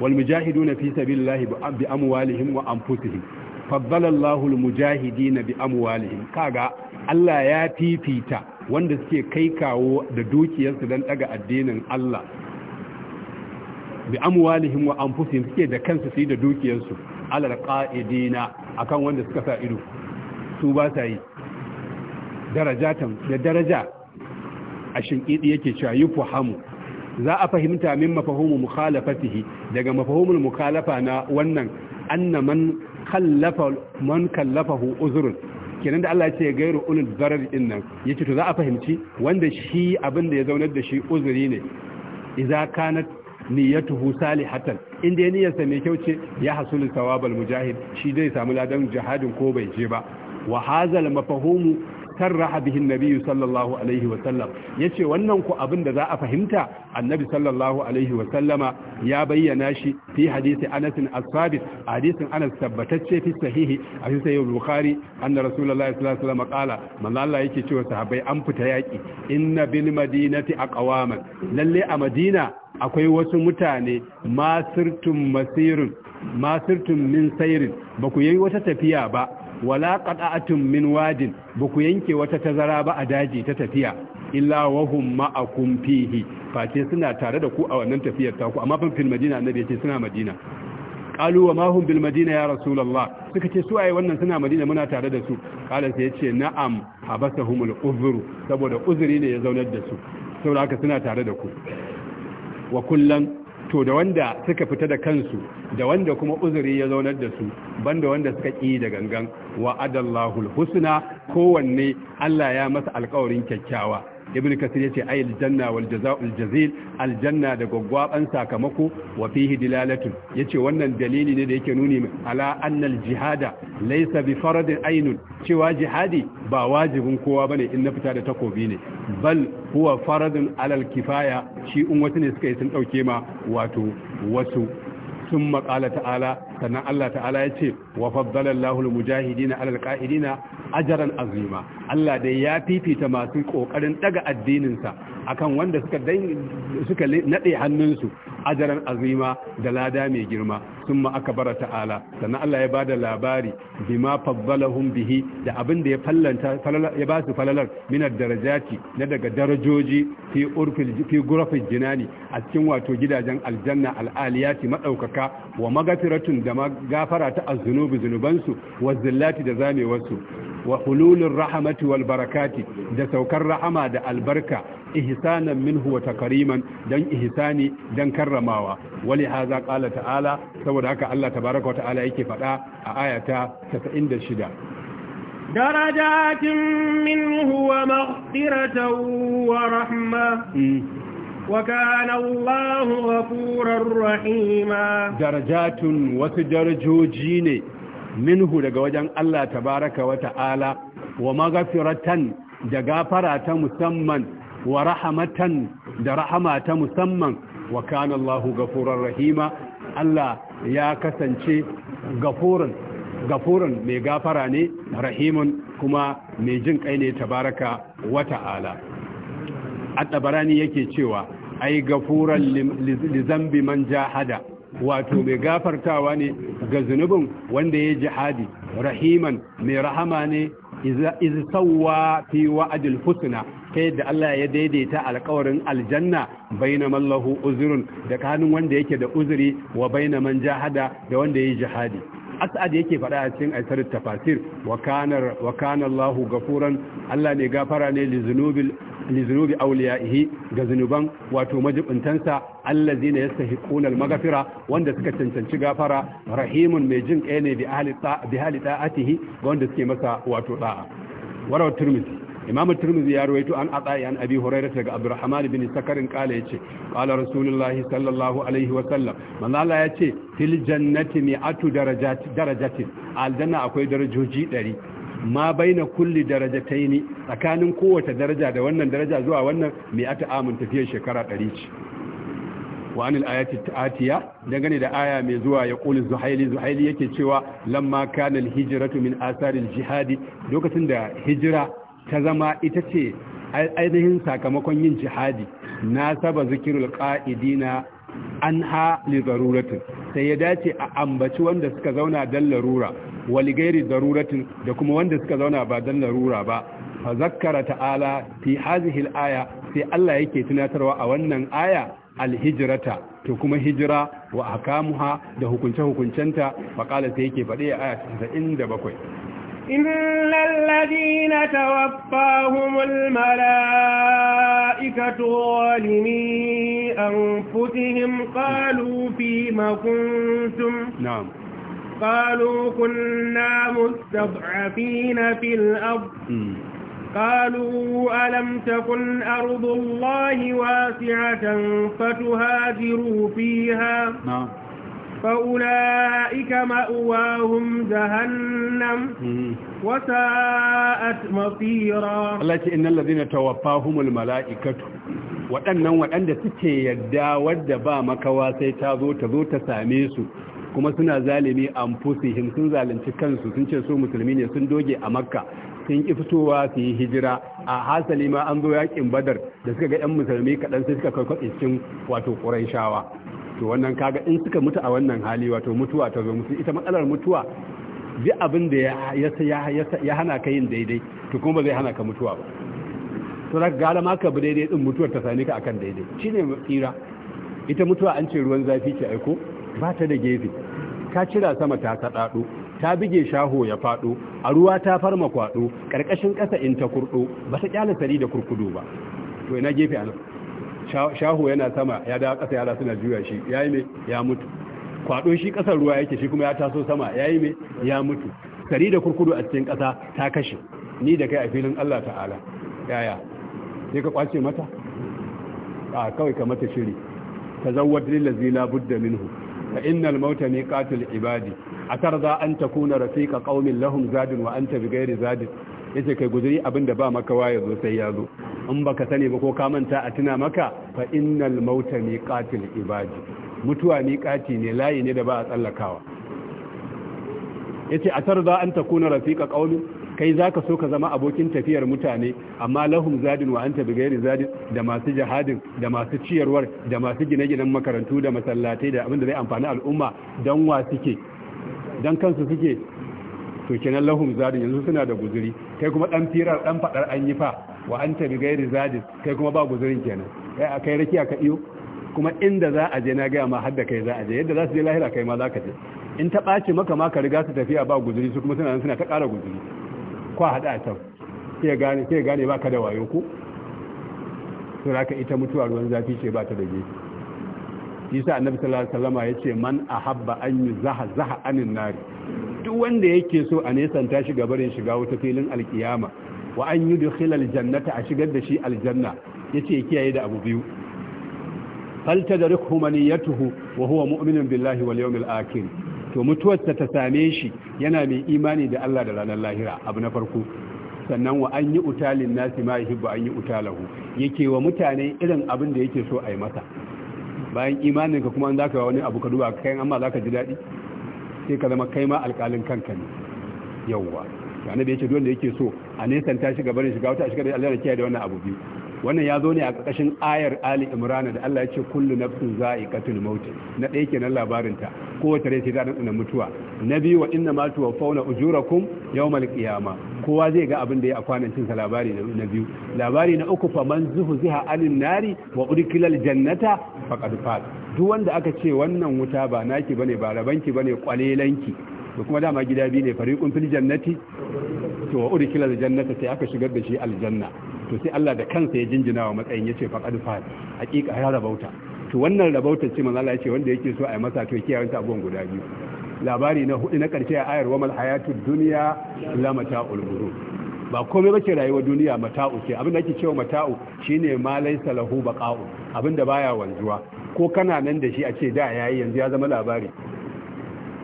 wal na fi sabilillahi bi amuwalihim wa anfusihim faddala Allahul na bi amuwalihim kaga Allah ya fifita wanda suke kai kawo da dukiyarsu don daga addinin Allah bi amuwalihim wa anfusihim suke da kansu su yi da dukiyarsu alal ka'idina akan wanda suka sa ido su ba sa yi darajatan da daraja a shinkidi yake cewa yi fuhamu za a fahimta min mafahimu mukhalafatihi daga mafahimul mukhalafa na wannan annaman man kallafa man kallafahu uzrun kenan da Allah ya ce gairu ulul zarar din nan yace to za a fahimci wanda shi abin da ya zaunar da shi uzuri ne idza kanat niyyatuhu salihatan inda niyyarsa mai kyau ce ya hasulu thawabal mujahid shi zai samu ladan jihadin ko bai je ba wa hazal mafahumu sarraha bihin nabiyyu sallallahu alaihi wa wannan ku abin da za a fahimta annabi sallallahu alaihi wa sallama ya bayyana shi fi hadisi Anas as-Sabit hadisin Anas tabbatacce fi sahihi a cikin sahih Bukhari anna Rasulullahi sallallahu alaihi wa qala man Allah yake cewa sahabbai an fita yaki inna bil madinati aqwaman lalle a Madina akwai wasu mutane masirtum masirun masirtum min sayrin ba ku yi wata tafiya ba wala qada'atun min wadin ba ku yanke wata tazara ba a daji ta tafiya illa hum ma'akum fihi face suna tare da ku a wannan tafiyar ta ku amma ban fil madina annabi yace suna madina qalu wa ma hum bil madina ya rasulullah suka ce su ai wannan suna madina muna tare da su qala sai yace na'am habasahumul uzru saboda uzuri ne ya zaunar da su saboda haka suna tare da ku wa kullan to da wanda suka fita da kansu da wanda kuma uzuri ya zaunar da su banda wanda suka ƙi da gangan wa'adallahu husna kowanne Allah ya masa alƙawarin kyakkyawa ibn kasir yace ay aljanna wal jazaa'ul jazil aljanna da ban sakamako wa fihi dilalatu yace wannan dalili ne da yake nuni ala anna aljihada jihada laysa bi faradin ayn cewa jihadi ba wajibin kowa bane in na fita da takobi ne bal huwa faradun alal kifaya shi in wasu ne suka yi sun dauke ma wato wasu sun maƙala ta'ala sannan Allah ta'ala ya ce wa faddala Allahul mujahidina alal qa'idina ajran azima Allah dai ya fifita masu kokarin daga addinin sa akan wanda suka suka nade hannunsu ajran azima da lada mai girma summa akbara ta'ala sannan Allah ya bada labari bima faddalahum bihi da abin da ya fallanta ya ba su falalar minar darajati na daga darajoji fi urfil fi gurafil jinani a cikin wato gidajen aljanna al'aliyati madaukaka wa magfiratun gama gafara ta azzunubi zunubansu wa zillati da zamewarsu wa hululun rahamati wal barakati da saukar rahama da albarka ihsanan minhu wa takariman dan ihsani dan karramawa wali haza qala ta'ala saboda haka Allah tabaraka wa ta'ala yake faɗa a ayata 96 درجات منه ومغفرة ورحمة وكان الله غفورا رحيما درجات وتدرجوجين منه daga wajen Allah tabaraka wa ta'ala wa maghfiratan da gafara ta musamman wa rahamatan da rahama ta musamman wa kana Allah rahima Allah ya kasance gafurun gafurun mai gafara ne rahimun kuma mai jin kai ne tabaraka wa ta'ala at-tabarani yake cewa ai gafuran li zambi man jahada wato mai gafartawa ne ga zunubin wanda ya jihadi rahiman mai rahama ne iz sawwa fi wa'adil husna kai da Allah ya daidaita alkawarin aljanna baina mallahu uzurun da kanin wanda yake da uzuri wa baina man jahada da wanda ya jihadi as'ad yake faɗa a cikin aisar tafasir wa kana wa kana Allah gafuran Allah ne gafara ne li zunubil li awliyaihi ga zunuban wato majibuntansa allazina yastahiquna al Magafira, wanda suka cancanci gafara rahimun mai jin kai ne bi ahli bi ahli ta'atihi ga wanda suke masa wato da'a warawat imamu turmuzi ya rawaito an atsa'i an abi hurairah daga abdurrahman bin sakarin kala yace qala rasulullahi sallallahu alaihi wa sallam manzo Allah yace fil jannati mi'atu darajat darajatin aljanna akwai darajoji 100 ma baina kulli darajataini tsakanin kowace daraja da wannan daraja zuwa wannan mi'atu amun tafiyar shekara 100 ce wa anil ayati atiya dangane da aya mai zuwa ya kuli zuhaili zuhaili yake cewa lamma kana al-hijratu min asaril jihadi, jihad lokacin da hijira ta zama ita ce ainihin sakamakon yin jihadi na saba zikirul ƙa'idina an ha li zaruratin sai ya dace a ambaci wanda suka zauna dan larura wali gairi zaruratin da kuma wanda suka zauna ba dan larura ba fa zakkara ta'ala fi hazihil aya sai Allah yake tunatarwa a wannan aya alhijirata to kuma hijira wa akamuha da hukunce hukuncenta fa kala sai yake faɗi a aya 97 إن الذين توفاهم الملائكة ظالمي أنفسهم قالوا فيما كنتم نعم قالوا كنا مستضعفين في الأرض قالوا ألم تكن أرض الله واسعة فتهاجروا فيها نعم فأولئك مأواهم جهنم وساءت مصيرا الله إن الذين توفاهم الملائكة waɗannan waɗanda suke yarda wadda ba makawa sai ta zo ta zo ta same su kuma suna zalimi an fusihim sun zalunci kansu sun ce su musulmi ne sun doge a makka sun ƙi fitowa su yi hijira a hasali ma an zo yaƙin badar da suka ga 'yan musulmi kaɗan sai suka kai cikin wato ƙuraishawa to wannan kaga in suka mutu a wannan hali wato mutuwa ta zo musu ita matsalar mutuwa duk abin da ya hana ka yin daidai to kuma ba zai hana ka mutuwa ba to zaka ga alama ka bi daidai din mutuwar ta sani ka akan daidai shine tsira ita mutuwa an ce ruwan zafi ce aiko ba ta da gefe Ka cira sama ta kaɗaɗo ta bige shaho ya faɗo a ruwa ta farma kwado karkashin kasa in ta kurɗo ba ta ƙyala sari da kurkudo ba to ina gefe a nan? shaho yana sama ya dawo ƙasa yara suna juya shi ya yi mai ya mutu kwaɗo shi ƙasar ruwa yake shi kuma ya taso sama ya yi mai ya mutu sari da kurkudu a cikin ƙasa ta kashe ni da kai a filin Allah ta'ala yaya sai ka kwace mata a kawai ka mata shiri ta zawar lillazi la budda minhu fa innal mauta miqatul ibadi za an takuna rafiqa qaumin lahum zadin wa anta gairi zadin Ya ce kai guzuri abinda ba makawa ya zo sai ya zo in baka sani ba ko ka manta a tuna maka fa innal mauta miqatil ibadi mutuwa kati ne layi ne da ba a tsallakawa yace atarza an takuna rafiqa ƙaunin? kai zaka so ka zama abokin tafiyar mutane amma lahum zadin wa anta bighairi zadin da masu jihadin da masu ciyarwar da masu gine-ginen makarantu da masallatai da abin da zai amfani al'umma dan wa suke dan kansu suke to kenan lahum zadin yanzu suna da guzuri kai kuma dan firar dan fadar an yi fa wa anta bi ghairi zadin kai kuma ba guzurin kenan kai akai rakiya ka iyo kuma inda za a je na ga ma har da kai za a je yadda za su je lahira kai ma za ka je in ta ɓaci maka ma ka riga su tafiya ba guzuri su kuma suna suna ta ƙara guzuri ko hada a can sai gane sai gane ba ka da wayo ko to raka ita mutuwa ruwan zafi ce ba ta da gefe yasa annabi sallallahu alaihi wasallama yace man ahabba an yuzaha zaha anin nari duk wanda yake so a nesanta shi gabarin shiga wata filin alkiyama wa an yi jannata a shigar da shi aljanna yace ya kiyaye da abu biyu fal tadriku maniyatuhu wa huwa mu'minun billahi wal yawmil akhir to mutuwarsa ta same shi yana mai imani da Allah da ranar lahira abu na farko sannan wa an yi utalin nasi ma yuhibbu an yi utalahu yake wa mutane irin abin da yake so a yi masa bayan imanin ka kuma an zaka wani abu ka duba kayan amma zaka ji daɗi sai ka zama kai ma alƙalin kanka ne yawwa yana da yake duk wanda yake so a nesan ta shiga barin shiga wata shiga da Allah kiyaye da wannan abu wannan ya zo ne a ƙarƙashin ayar Ali Imran da Allah ya ce kullu nafsin za'iqatul maut na ɗaya kenan labarin ta kowace rai sai ta dana mutuwa na biyu wa inna ma tuwaffawna ujurakum yawmal qiyamah kowa zai ga abin da ya a kwanan cinsa labari na biyu labari na uku fa man zuhu ziha alin nari wa udkilal jannata faqad fat duk wanda aka ce wannan wuta ba naki bane ba rabanki bane kwalelanki to kuma dama gida biyu ne fariqun fil jannati to wa jannata sai aka shigar da shi aljanna to sai Allah da kansa ya jinjina wa matsayin yace faqad fat hakika ya rabauta to wannan rabautar ce manzo Allah ya ce wanda yake so a yi masa to kiyayen abun guda biyu labari na hudu na karshe a ayar wamal hayatu duniya la mata'ul ghurur ba komai bace rayuwar duniya mata'u ce abin da ake cewa mata'u shine ma laysa lahu baqa'u abin da baya wanzuwa ko kana nan da shi a ce da yayi yanzu ya zama labari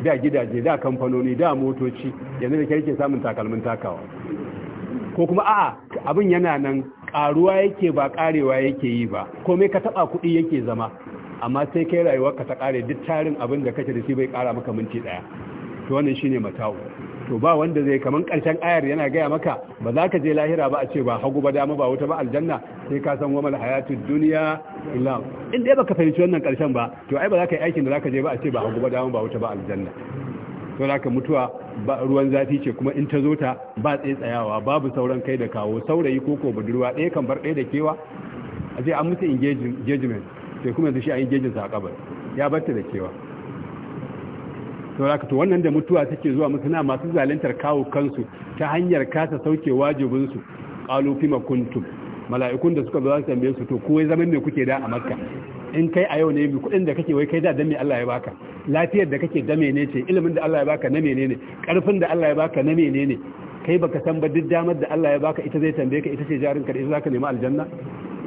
da gidaje da kamfanoni da motoci yanzu da kake samun takalmin takawa ko kuma a'a abin yana nan karuwa yake ba karewa yake yi ba komai ka taba kuɗi yake zama amma sai kai rayuwarka ta kare duk tarin abin da kake da shi bai kara maka minti daya to wannan shine matawu to ba wanda zai kaman karshen ayar yana gaya maka ba za ka je lahira ba a ce ba hagu ba dama ba wuta ba aljanna sai ka san wamal hayatud dunya illa in dai baka fahimci wannan karshen ba to ai ba za ka yi aikin da za ka je ba a ce ba hagu ba dama ba wuta ba aljanna to za ka mutuwa ba ruwan zafi ce kuma in ta zo ta ba tsaye tsayawa babu sauran kai da kawo saurayi ko ko budurwa ɗaya kan bar ɗaya da kewa a ce an mutu engagement sai kuma yanzu shi a yi jejin sa a kabar ya batta da cewa sauraka to wannan da mutuwa take zuwa musu na masu zaluntar kawo kansu ta hanyar kasa sauke wajibinsu kalufi makuntum mala'ikun da suka zo za su tambaye su to kowai zaman me kuke da a makka in kai a yau ne bi kudin da kake wai kai da dan me Allah ya baka lafiyar da kake da ne ce ilimin da Allah ya baka na menene karfin da Allah ya baka na menene kai baka san ba duk damar da Allah ya baka ita zai tambaye ka ita ce jarin ka da ita zaka nemi aljanna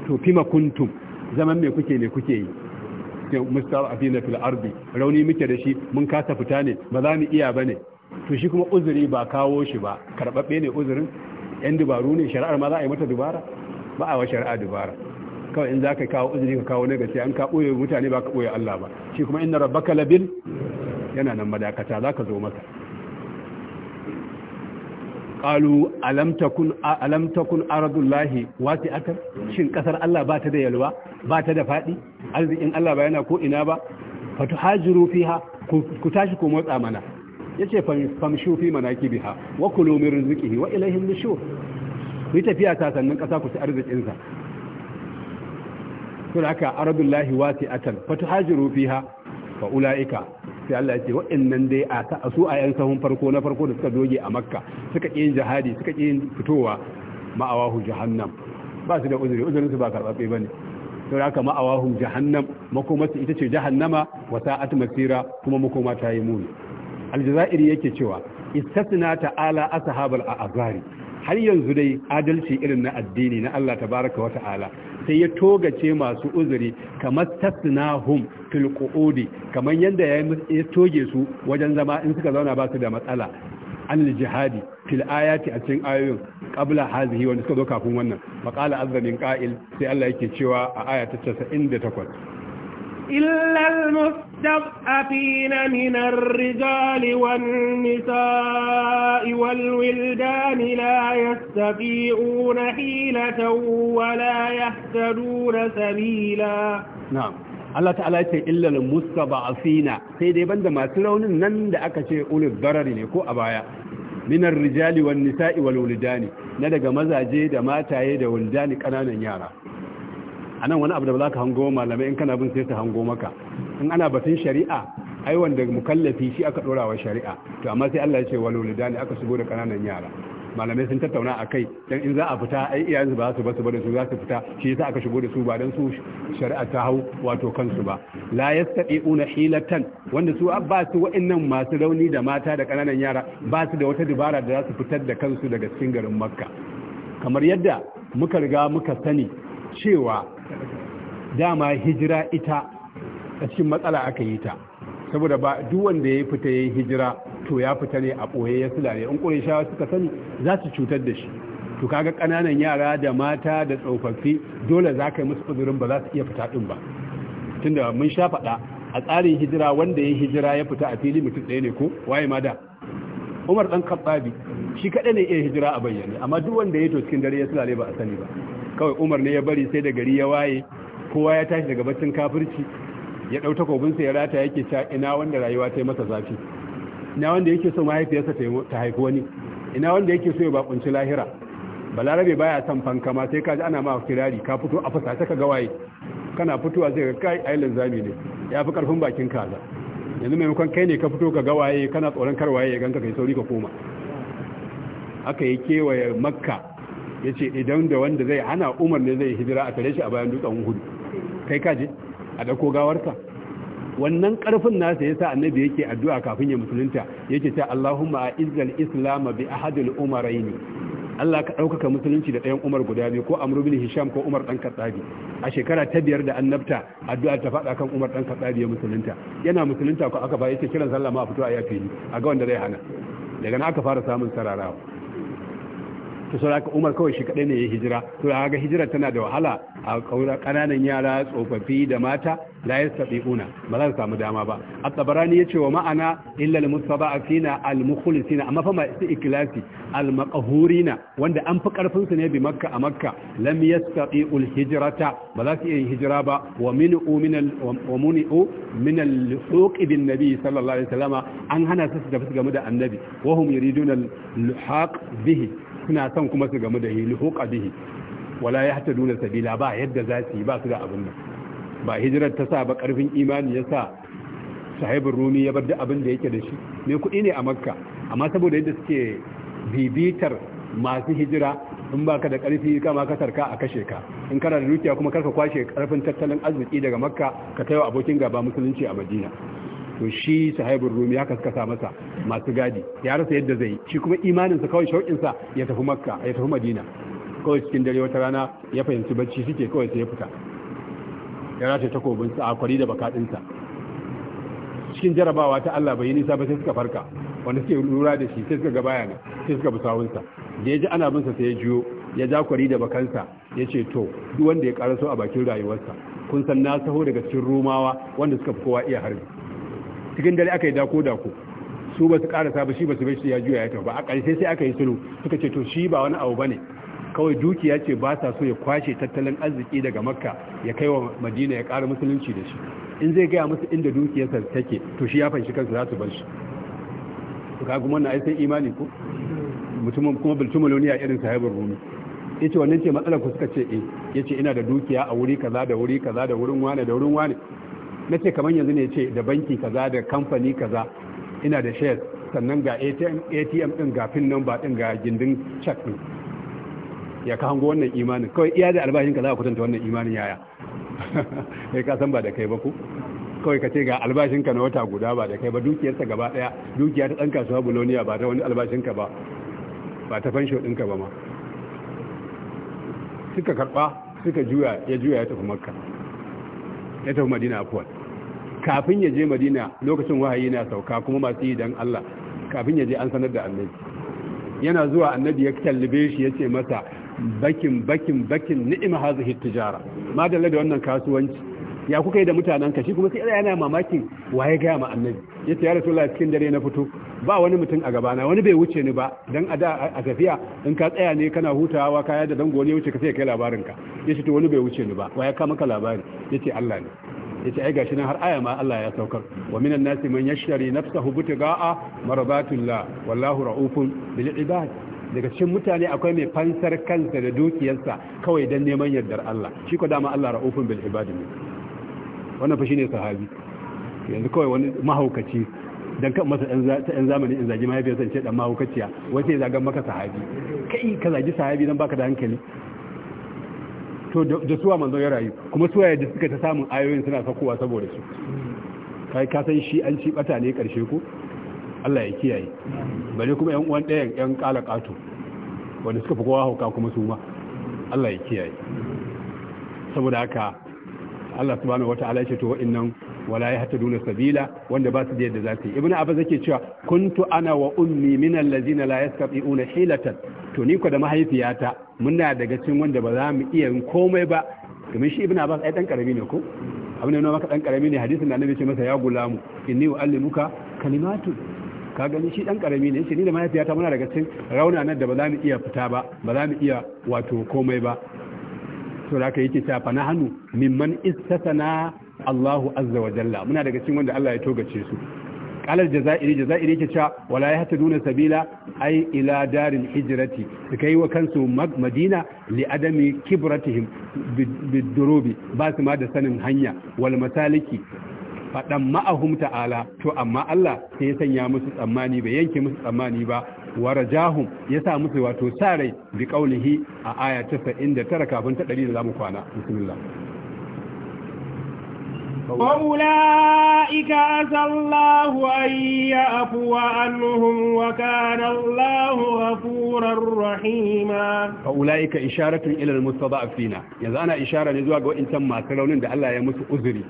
to fima kuntum zaman mai kuke ne kuke yi mustar afina fil ardi rauni muke da shi mun kasa fita ne ba za mu iya ba ne to shi kuma uzuri ba kawo shi ba karɓaɓɓe ne uzurin yan dubaru ne shari'ar ma za a yi mata dubara ba a wa shari'a dubara kawai in za ka kawo uzuri ka kawo na gaskiya an ka ɓoye mutane ba ka ɓoye Allah ba shi kuma inna rabbaka labil yana nan madakata za ka zo maka qalu alam takun alam takun ardullahi wasi'atan shin kasar Allah ba ta da yalwa ba ta da fadi arzikin Allah ba yana ko ina ba fatuhajiru fiha ku tashi ku motsa mana yace famshu fi manakibiha wa kulu min rizqihi wa ilayhi an-nushur ku tafiya ta sannan kasa ku ci arzikin sa kun haka ardullahi wasi'atan fatuhajiru fiha fa ulaika sai Allah ya ce waɗannan dai a ta su a yan sahun farko na farko da suka doge a makka suka ƙi jihadi suka ƙi fitowa ma'awahu jahannam ba su da uzuri uzurinsu ba karɓaɓɓe ba ne sai haka ma'awahu jahannam makomarsu ita ce jahannama wa sa'at masira kuma makoma ta yi muni aljazairi yake cewa istasna ta'ala a a'zari har yanzu dai adalci irin na addini na Allah tabaraka wa ta'ala sai ya togace masu uzuri kamar tasnahum fil qu'udi kamar yanda ya toge su wajen zama in suka zauna ba su da matsala an jihadi fil ayati a cikin ayoyin qabla hazihi wanda suka zo kafin wannan faqala azza min qa'il sai Allah yake cewa a aya ta 98 إلا المستضعفين من الرجال والنساء والولدان لا يستطيعون حيلة ولا يهتدون yahtaduna sabila na'am Allah ta'ala illal mustaba'afina sai dai banda masu raunin nan da aka ce ulul darari ne ko a baya minar rijali wan nisa'i wal na daga mazaje da mataye da wulidani kananan yara anan wani abu da ba za ka hango malamai in kana bin sai ta hango maka in ana batun shari'a ai wanda mukallafi shi aka dora wa shari'a to amma sai Allah ya ce wal wulidani aka shigo da kananan yara malamai sun tattauna a kai dan in za a fita ai iyayensu ba su basu da su za su fita shi yasa aka shigo da su ba don su shari'a ta hau wato kansu ba la yastati'una hilatan wanda su ba su wa'annan masu rauni da mata da kananan yara ba su da wata dubara da za su fitar da kansu daga cikin garin makka kamar yadda muka riga muka sani cewa dama hijira ita a cikin matsala aka yi ta saboda ba duk wanda ya fita ya hijira to ya fita ne a ɓoye ya sulare in ƙurishawa suka sani za su cutar da shi to kaga ƙananan yara da mata da tsofaffi dole za ka yi musu uzurin ba za su iya fita ɗin ba tunda mun sha faɗa a tsarin hijira wanda ya hijira ya fita a fili mutum ɗaya ne ko waye ma da umar ɗan kaɓabi shi kaɗai ne iya hijira a bayyane amma duk wanda ya to cikin dare ya sulale ba a sani ba kawai umar ne ya bari sai da gari ya waye kowa ya tashi daga baccin kafirci ya ɗau takobinsa ya rata yake sha ina wanda rayuwa ta yi masa zafi ina wanda yake so mahaifiyarsa ta haifi wani ina wanda yake so ya bakunci lahira balarabe baya san fanka ma sai kaji ana ma kirari ka fito a fasa ka gawaye kana fitowa sai ka kai ailan zami ne ya fi karfin bakin kaza yanzu maimakon kai ne ka fito ka gawaye kana tsoron karwaye ya ganka kai sauri ka koma aka yi kewaye makka ya ce idan da wanda zai hana umar ne zai hijira a tare shi a bayan dutsen hudu kai kaji a ko gawarsa wannan karfin nasa yasa annabi yake addu'a kafin ya musulunta yake ta Allahumma a'izzal islam bi ahadil umaraini Allah ka ɗaukaka musulunci da ɗayan Umar guda biyu ko Amr ibn Hisham ko Umar ɗan Katsabi a shekara ta biyar da annabta addu'a ta faɗa kan Umar ɗan Katsabi ya musulunta yana musulunta ko aka ba yake kiran sallama a fito a yafi a ga wanda zai hana daga nan aka fara samun sararawa to sai ka umar kawai shi kadai ne ya hijira to haka hijira tana da wahala a ƙananan yara tsofaffi da mata la yastabi'una ba za su samu dama ba at-tabarani yace wa ma'ana illa al-mustaba'ina al-mukhlisina amma fa ma ikhlasi al-maqhurina wanda an fi karfin su ne bi makka a makka lam yastabi'u al-hijrata ba za su yi hijira ba wa min'u min wa wamuniu min al-huq bin nabi sallallahu alaihi wasallam an hana su su tafi game da annabi wa hum yuriduna al-haq bihi suna son kuma su gamu da hili hoƙa bihi wala ya hata nuna sabila ba yadda za su yi ba su da abin nan ba hijirar ta sa ba karfin imani ya sa sahibin rumi ya bar da abin da yake da shi ne kuɗi ne a makka amma saboda yadda suke bibitar masu hijira in baka da ƙarfi kama ka a kashe ka in kana da dukiya kuma karka kwashe ƙarfin tattalin arziki daga makka ka wa abokin gaba musulunci a madina to shi sahibin rumi ya suka masa masu gadi ya rasa yadda zai shi kuma imaninsa kawai shauƙinsa ya tafi makka ya tafi madina kawai cikin dare wata rana ya fahimci bacci suke kawai sai ya fita ya rashe takobinsa a kwari da bakaɗinsa cikin jarabawa ta Allah bai yi nisa ba sai suka farka wanda suke lura da shi sai suka ga baya sai suka bi sawunsa da ya ji ana binsa sai ya juyo ya ja kwari da bakansa ya ce to duk wanda ya karaso a bakin rayuwarsa kun san na saho daga cikin rumawa wanda suka fi kowa iya harbi cikin dare aka yi dako dako su ba su karasa ba shi ba su bai ya juya ya ba a ƙarshe sai aka yi sulhu suka ce to shi ba wani abu ba ne, kawai dukiya ce ba sa so ya kwashe tattalin arziki daga makka ya kai wa madina ya ƙara musulunci da shi in zai gaya musu inda dukiyarsa take to shi ya fanshi kansa za su bar shi to kaga mun ai sai imani ko mutumin kuma bultumuloniya irin sahibul rumi yace wannan ce matsalar ku suka ce eh yace ina da dukiya a wuri kaza da wuri kaza da wurin wane da wurin wane na ce kamar yanzu ne ce da banki kaza da kamfani kaza ina da shares sannan ga atm din ga pin number din ga gindin check din ya ka hango wannan imanin kawai iya da albashin ka za a kutanta wannan imanin yaya kai ka san ba da kai ba ku kawai ka ce ga albashin ka na wata guda ba da kai ba dukiyarsa gaba daya dukiya ta tsanka su boloniya ba ta wani albashin ka ba ba ta fansho din ka ba ma suka karba suka juya ya juya ya tafi makka ya tafi madina afuwa kafin ya je madina lokacin wahayi na sauka kuma masu yi don allah kafin ya je an sanar da annabi yana zuwa annabi ya kyallibe shi ya ce masa bakin bakin bakin ni'ima hazu tijara ma da wannan kasuwanci ya kuka yi da mutanen ka shi kuma sai yana mamakin waye gaya ma annabi ya ce ya rasulullah cikin dare na fito ba wani mutum a gabana wani bai wuce ni ba dan a da tafiya in ka tsaya ne kana hutawa kaya da dango ne wuce ka sai kai labarin ka ya ce to wani bai wuce ni ba waye ka maka labari ya ce Allah ne yace ai gashi nan har aya ma Allah ya saukar wa minan nasi man yashari nafsahu butigaa maradatillah wallahu raufun bil ibad daga cikin mutane akwai mai fansar kansa da dukiyarsa kawai dan neman yardar Allah shi ko dama Allah raufun bil ibad ne wannan fa shine sahabi yanzu kawai wani mahaukaci dan kan masa ɗan zamani in zagi mahaifiyarsa ce dan mahaukaciya wace zagan maka sahabi kai ka zagi sahabi dan baka da hankali to da suwa manzo ya rayu kuma suwa da suka ta samun ayoyin suna sakowa saboda su kai ka san shi an ci bata ne karshe ko Allah ya kiyaye bare kuma yan uwan ɗayan yan kala kato wanda suka fi kowa hauka kuma su ma Allah ya kiyaye saboda haka Allah subhanahu wataala ya ce to wa'annan wala ya yahtaduna sabila wanda ba su da yadda za su yi ibnu abbas zake cewa kuntu ana wa ummi min allazina la yastati'una hilatan to ni ko da mahaifiyata muna daga cikin wanda ba za mu iya komai ba kamar shi ibnu abbas ai dan karami ne ko abin da maka dan karami ne hadisin da annabi ce masa ya gulamu inni uallimuka kalimatu ka gani shi dan karami ne shi ni da mahaifiyata muna daga cikin raunanan da ba za mu iya fita ba ba za mu iya wato komai ba to da aka yake cewa fa nahnu mimman istasana Allahu azza wa jalla muna daga cikin wanda Allah ya togace su kalar jazairi jazairi yake cewa wala ya hata duna sabila ai ila daril hijrati kai wa kansu madina li adami kibratihim bidurubi ba su ma da sanin hanya wal masaliki faɗan ma'ahum ta'ala to amma Allah sai ya sanya musu tsammani bai yanke musu tsammani ba wa rajahum ya sa musu wato sa bi qaulihi a aya 99 kafin ta 100 da zamu kwana bismillah وأولئك أسى الله أن يأفو عنهم وكان الله غفورا رحيما وأولئك إشارة إلى المستضعفين يعني أنا إشارة نزواج وإن تم ترون أن الله يمس أزري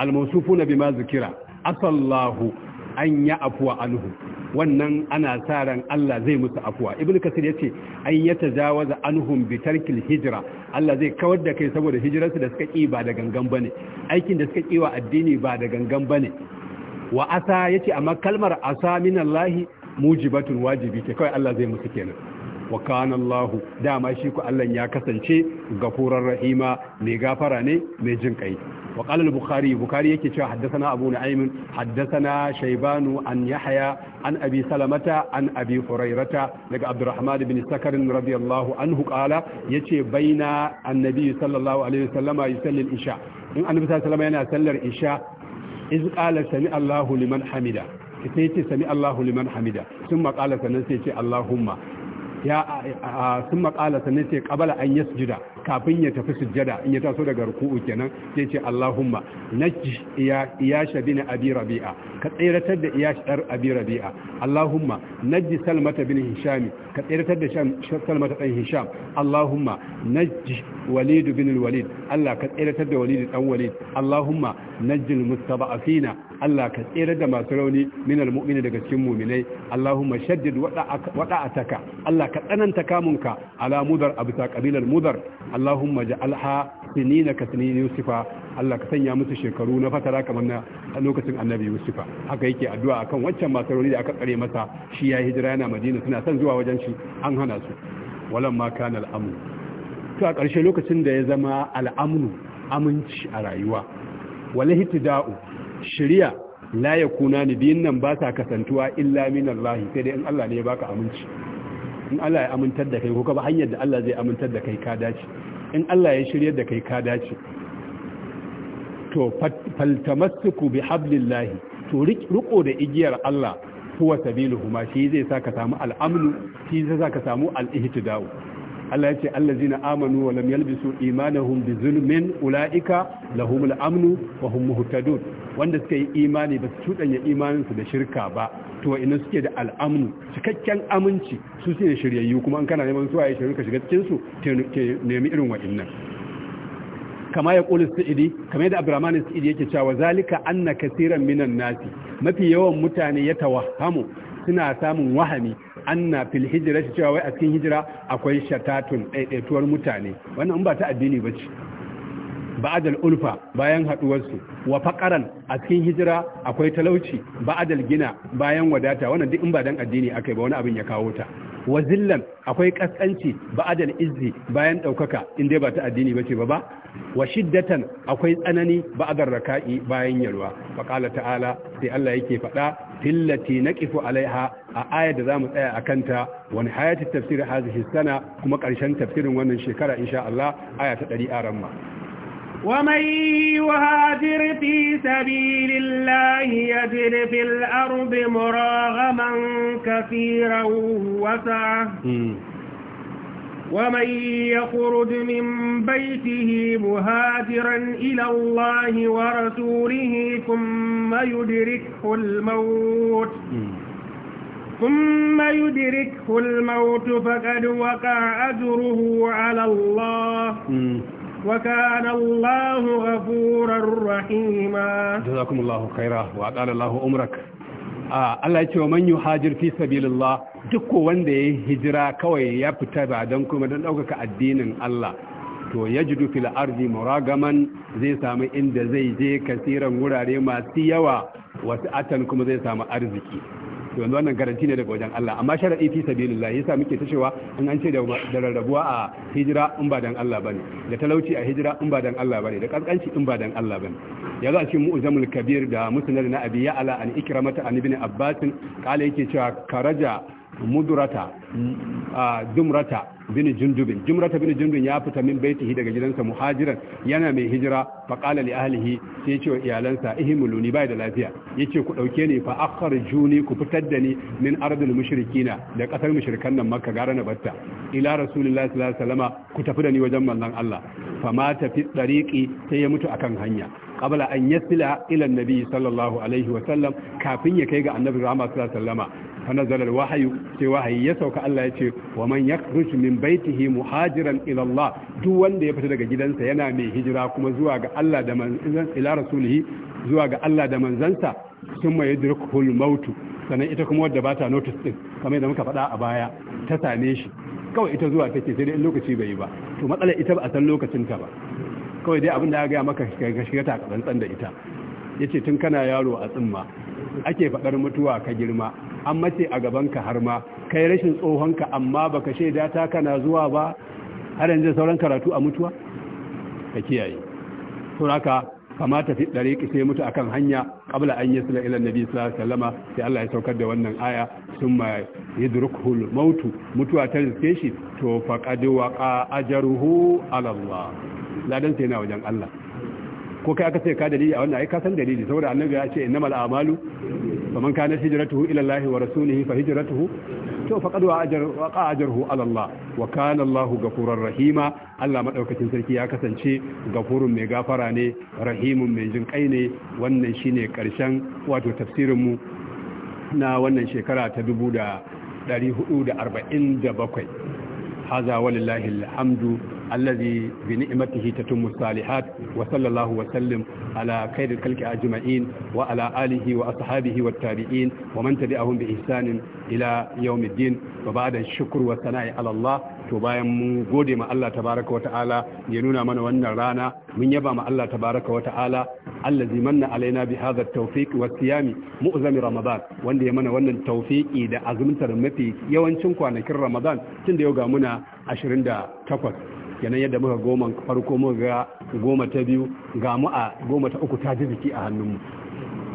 الموصوفون بما ذكر أسى الله أن يأفو عنهم wannan ana sa ran Allah zai musu afuwa ibn kasir yace an jawaza anhum bi tarkil hijra Allah zai kawar da kai saboda hijirarsu da suka ki ba da gangan bane aikin da suka ki wa addini ba da gangan bane wa asa yace amma kalmar asa min Allah mujibatun wajibi ce kawai Allah zai musu kenan wa kana Allah dama shi ku Allah ya kasance gafurar rahima mai gafara ne mai jin kai wa qala al yake cewa haddathana abu nu'aym haddathana shaybanu an yahya an abi salamata an abi hurairata daga abdurrahman ibn sakar radiyallahu anhu qala yace baina annabi sallallahu alaihi wasallama yusalli al-isha in annabi sallallahu alaihi yana sallar isha iz qala sami Allahu liman hamida sai yace kafin ya tafi sujjada in ya taso daga ruku'u kenan sai ce Allahumma najji ya iyasha bin abi rabi'a ka tsiratar da iyasha shar abi rabi'a Allahumma najji salmata bin hisham ka tsiratar da salmata dan hisham Allahumma najji walid bin walid Allah ka tsiratar da walid dan walid Allahumma najji almustaba'afina Allah ka tsirar da masu rauni min almu'mini daga cikin mu'minai Allahumma shaddid wada'ataka Allah ka tsananta kamunka ala mudar abta qabilal mudar Allahumma ja'alha sinina ka sinin Yusufa Allah ka sanya musu shekaru na fatara kamar na lokacin Annabi Yusufa haka yake addu'a akan waccan masarori da aka tsare masa shi ya hijira yana Madina suna son zuwa wajen shi an hana su walan ma kana al'amru to a ƙarshe lokacin da ya zama al'amnu aminci a rayuwa wala hitida'u shari'a la yakuna ni nan ba sa kasantuwa illa min Allah sai dai in Allah ne ya baka aminci in Allah ya amintar da kai ko ka ba hanyar da Allah zai amintar da kai ka dace in Allah ya shiryar da kai ka dace to faltamassuku bi hablillahi to riko da igiyar Allah huwa sabiluhuma shi zai saka samu al'amnu shi zai saka samu al-ihtidau Allah ya ce allazina amanu wa lam yalbisu imanahum bi zulmin ulaika lahumul amnu wa hum muhtadun wanda suka yi imani ba su tudanya imanin su da shirka ba to ina suke da al'amnu cikakken aminci su ne shiryayyu kuma an kana neman su waye shirka shiga cikin su ke nemi irin wa'annan kama ya ƙulis sa'idi kama yadda abdurrahman sa'idi yake cewa zalika anna kasiran minan nasi mafi yawan mutane ya tawahamu suna samun wahami anna fil hijra cewa wai a cikin hijira akwai shatatun ɗaiɗaituwar mutane wannan ba ta addini ba ce ba'adal ulfa bayan haɗuwarsu wa faƙaran a cikin hijira akwai talauci ba'adal gina bayan wadata wannan duk in ba dan addini akai ba wani abin ya kawo ta wa zillan akwai kaskanci ba'adar izzi bayan daukaka in dai ba ta addini bace ba ba wa shiddatan akwai tsanani ba'adar raka'i bayan yalwa fa qala ta'ala sai Allah yake fada na naqifu alaiha a ayar da zamu tsaya akan ta wa nihayatu tafsir hadhihi sana kuma karshen tafsirin wannan shekara insha Allah aya ta 100 aran ma ومن يهاجر في سبيل الله يجد في الأرض مراغما كثيرا وسعة ومن يخرج من بيته مهاجرا إلى الله ورسوله ثم يدركه الموت ثم يدركه الموت فقد وقع أجره على الله وكان الله غفورا رحيما جزاكم الله خيرا وأطال الله عمرك Allah ya ce wa manyu hajir fi sabilillah duk wanda ya hijira kawai ya fita ba don kuma don ɗaukaka addinin Allah to ya jidu fil arzi muragaman zai samu inda zai je kasiran wurare masu yawa wasu atan kuma zai samu arziki to yanzu wannan garanti ne daga wajen Allah amma sharadi fi sabilillah yasa muke ta cewa in an ce da rarrabuwa a hijira in ba dan Allah bane da talauci a hijira in ba dan Allah bane da kaskanci in ba dan Allah bane yanzu a cikin mu'jamul kabir da musnad na abi ala an ikramata an ibn abbas qala yake cewa karaja mudurata jumrata bin jundubin jumrata bin jundubin ya fita min baitihi daga gidansa muhajiran yana mai hijira fa qala li ahlihi sai yace wa iyalansa ihimuluni bai da lafiya yace ku dauke ni fa akhrijuni ku fitar da ni min ardil mushrikina da kasar mushrikan nan makka gara na batta ila rasulullahi sallallahu alaihi wasallam ku tafi da ni wajen manzon Allah fa mata fi dariqi sai ya mutu akan hanya qabla an yasila ila annabi sallallahu alaihi wasallam kafin ya kai ga annabi rahmatullahi sallallahu alaihi wasallam fa nazala alwahyu ce wahayi ya sauka Allah ya ce wa man yakhruj min baitihi muhajiran ila Allah duk wanda ya fita daga gidansa yana mai hijira kuma zuwa ga Allah da manzon ila rasulihi zuwa ga Allah da manzansa summa yadrukul mautu sannan ita kuma wadda bata notice din kamar yadda muka faɗa a baya ta same shi kawai ita zuwa take sai dai lokaci bai yi ba to matsalar ita ba a san lokacin ta ba kawai dai abin da ya gaya maka ka shiga ta da ita yace tun kana yaro a tsimma ake faɗar mutuwa ka girma an mace a gabanka har ma kai rashin tsohon ka amma baka shaida ta kana zuwa ba har yanzu sauran karatu a mutuwa ka kiyaye haka kamata fi dare ki sai mutu akan hanya qabla an yasla ila annabi sallallahu alaihi wasallama sai Allah ya saukar da wannan aya summa yudrikuhu mautu mutuwa ta riske shi to faqad waqa ajruhu ala Allah ladan sai na wajen Allah ko kai aka ce ka dalili a wannan ai ka san dalili saboda annabi ya ce innamal a'malu faman kana hijratuhu ila Allah wa rasulihi fa hijratuhu to faqad wa rahima Allah madaukakin sarki ya kasance gafurun mai gafara ne rahimun mai jin ne wannan shine karshen wato tafsirin mu na shekara ta هذا ولله الحمد الذي بنعمته تتم الصالحات وصلى الله وسلم على خير الخلق أجمعين وعلى آله وأصحابه والتابعين ومن تبعهم بإحسان إلى يوم الدين وبعد الشكر والثناء على الله to bayan mun gode ma Allah tabaraka ta'ala ya nuna mana wannan rana mun yaba ma Allah tabaraka wata'ala allazi manna alaina bi hadha at-tawfiq wa siyami mu'zami ramadan wanda ya mana wannan tawfiki da azumtar mafi yawancin kwanakin ramadan da yau ga muna 28 kenan yadda muka goma farko muka ga goma ta biyu ga mu a goma ta uku ta jiziki a hannunmu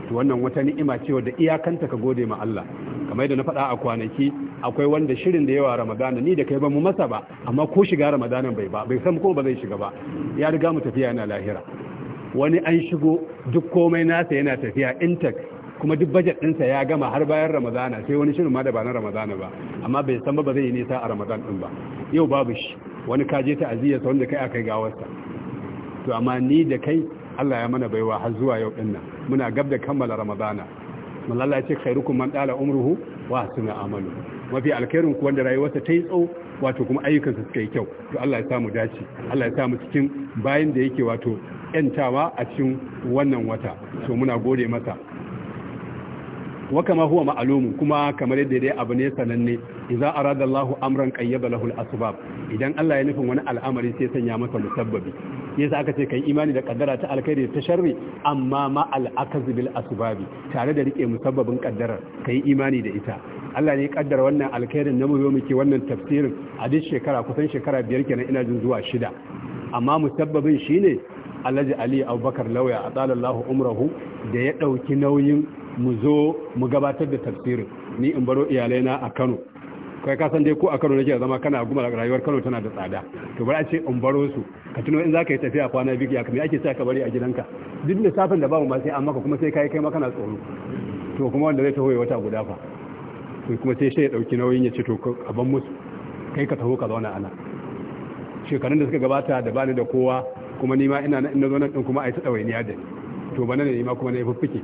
to wannan wata ni'ima ce wadda iyakanta ka gode ma Allah kamar da na faɗa a kwanaki akwai wanda shirin da yawa ramadana ni da kai ba mu masa ba amma ko shiga ramadana bai ba bai san kuma ba zai shiga ba ya riga mu tafiya yana lahira wani an shigo duk komai nasa yana tafiya intak kuma duk budget ɗinsa ya gama har bayan ramadana sai wani shirin ma da ba na ramadana ba amma bai san ba ba zai yi nisa a ramadan ɗin ba yau babu shi wani kaje ta aziyarsa wanda kai aka yi gawarsa to amma ni da kai Allah ya mana baiwa har zuwa yau ɗin nan muna gab da kammala ramadana mallala yace khairukum man dala umruhu wa hasuna amalu mafi alkhairin ku wanda rayuwarsa ta yi tsawo wato kuma ayyukansa suka yi kyau to Allah ya samu dace Allah ya samu cikin bayan da yake wato yantawa a cikin wannan wata to muna gode masa wa kama huwa ma'lumun kuma kamar yadda dai abu ne sananne idza arada Allahu amran qayyaba lahu al-asbab idan Allah ya nufin wani al'amari sai sanya masa musabbabi yasa aka ce kai imani da kaddara ta alkhairi ta sharri amma ma al-akaz bil asbab tare da rike musabbabin kaddara kai imani da ita Allah ne ya kaddara wannan alkhairin na mu wannan tafsirin a duk shekara kusan shekara biyar kenan ina jin zuwa shida amma musabbabin shine alhaji ali abubakar lauya a tsallallahu umrahu da ya ɗauki nauyin mu zo mu gabatar da tafsirin ni in baro iyalaina a kano kai ka san dai ko a Kano nake zama kana guma rayuwar Kano tana da tsada to bari a ce in baro su ka tuno in zaka yi tafiya kwana biyu ya kamar ake sa ka bari a gidanka duk da safin da babu ma sai amma kuma sai kai kai ma kana tsoro to kuma wanda zai taho ya wata guda fa to kuma sai shi ya dauki nauyin ya ce to a ban musu kai ka taho ka zauna ana shekarun da suka gabata da bani da kowa kuma ni ma ina na zo nan din kuma a yi ta ɗawainiya da ni to bana ne ma kuma na yi fuffuke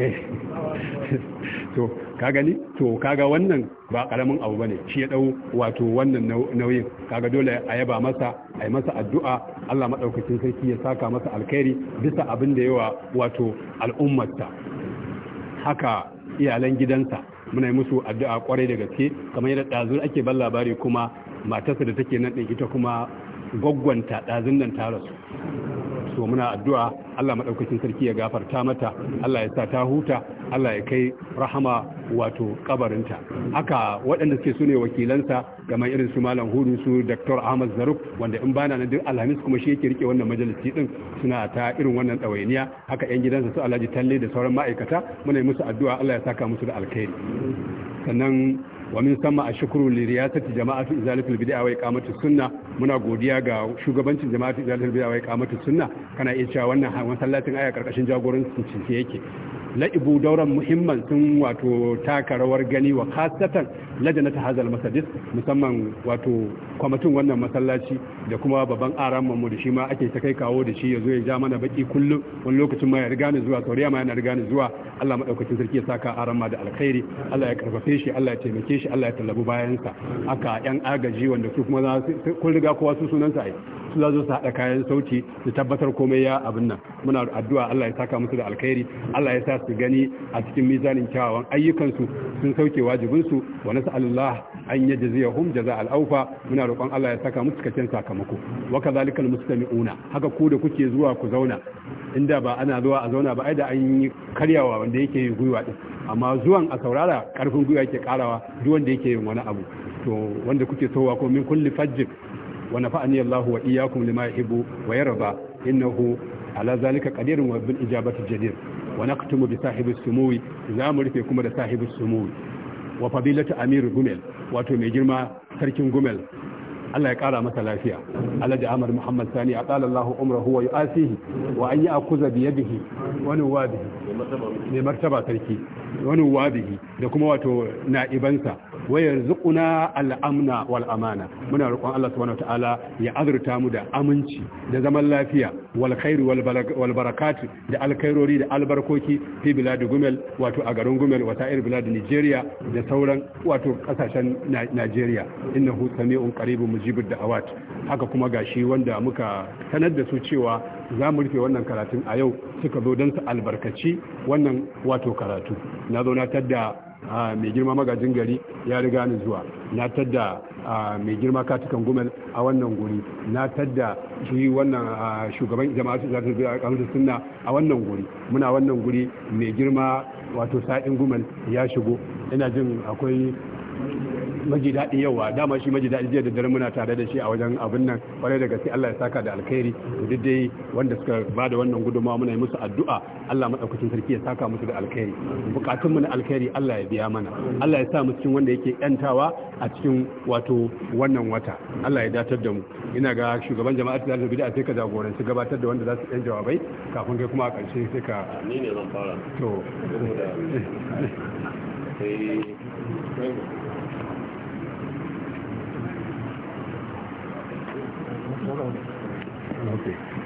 eh. to ka gani to kaga wannan ba karamin abu bane shi ya dau wato wannan nauyin kaga dole a yaba masa a yi masa addu'a Allah madaukakin sarki ya saka masa alkhairi bisa abin da yawa wato al'ummarta haka iyalan gidansa muna yi musu addu'a kwarai da gaske kamar yadda dazu ake ban labari kuma matarsa da take nan ɗin ita kuma gwaggwanta ɗazin nan ta rasu so muna addu'a Allah maɗaukacin sarki ya gafarta mata Allah ya sa ta huta Allah ya kai rahama wato kabarinta haka waɗanda suke sune wakilansa kamar irin su malam hudu su Dr. Ahmad Zaruf wanda in bana na duk Alhamis kuma shi yake rike wannan majalisi din suna ta irin wannan ɗawainiya haka yan gidansa su Alhaji Talle da sauran ma'aikata muna yi musu addu'a Allah ya saka musu da alkhairi sannan wa min sama a shukuru li riyasati jama'atu izalatul bid'a wa iqamatu sunna muna godiya ga shugabancin jama'atu izalatul bid'a wa iqamatu sunna kana iya cewa wannan masallacin aya karkashin jagorancin cinke yake la'ibu dauran muhimman sun wato taka rawar gani wa khasatan ta hazal masajid musamman wato kwamitin wannan masallaci da kuma babban aran mu da shi ma ake ta kai kawo da shi yazo ya ja mana baki kullum wani lokacin ma ya riga ni zuwa sauriya ma yana riga ni zuwa Allah madaukakin sarki ya saka aran ma da alkhairi Allah ya karfafe shi Allah ya taimake shi Allah ya tallabu bayansa aka yan agaji wanda su kuma kun riga kowa su sunansa ai su zo su haɗa kayan sauti da tabbatar komai ya abin nan muna addu'a Allah ya saka musu da alkhairi Allah ya sa su gani a cikin mizanin kyawawan ayyukansu sun sauke wajibinsu wa nas'alullah an yajziyahum jaza al-awfa muna roƙon Allah ya saka musu cikakken sakamako wa kadhalika al haka ku da kuke zuwa ku zauna inda ba ana zuwa a zauna ba ai da an yi karyawa wanda yake yin gwiwa din amma zuwan a saurara karfin gwiwa yake karawa duk wanda yake yin wani abu to wanda kuke sowa ko min kulli fajjin wa nafa'ani Allahu wa iyyakum lima yuhibbu wa yarda innahu ala zalika qadirun wa bil ijabati jadir wa naqtumu bi sahibi sumuwi za mu rufe kuma da sahibi sumuwi wa fadilatu amir gumel wato mai girma sarkin gumel Allah ya kara masa lafiya alhaji Ahmad Muhammad Sani a qala Allahu umrahu wa yu'asihi wa an ya'khudha bi yadihi wa nuwadihi ne martaba sarki wa nuwadihi da kuma wato na'ibansa wa yarzuquna al-amna wal amana muna roƙon Allah subhanahu ta'ala ya azurta mu da aminci da zaman lafiya wal da alkhairori da albarkoki fi bilad gumel wato a garin gumel wata irin bilad Nigeria da sauran wato kasashen Nigeria innahu sami'un qaribun mujibud da'awat haka kuma gashi wanda muka sanar da su cewa za mu rufe wannan karatun a yau suka zo don su albarkaci wannan wato karatu na zo na tadda Ah, mai girma magajin gari ya riga ni zuwa na tadda ah, mai girma katukan gumel a wannan guri na tadda shi wannan ah, shugaban jama'a su zata biya kamar sunna a wannan guri muna wannan guri mai girma wato sa'in gumel ya shigo ina jin akwai maji daɗi yawa dama shi maji daɗi jiya da dare muna tare da shi a wajen abin nan kwarai da gaske Allah ya saka da alkhairi duk dai wanda suka ba da wannan gudunmawa muna yi musu addu'a Allah madaukakin sarki ya saka musu da alkhairi bukatun mu na alkhairi Allah ya biya mana Allah ya sa mu cikin wanda yake yantawa a cikin wato wannan wata Allah ya datar da mu ina ga shugaban jama'a ta da bid'a sai ka jagoranci gabatar da wanda za su yan jawabai kafin kai kuma a ƙarshe sai ka ni ne zan fara to eh, ものをね、持って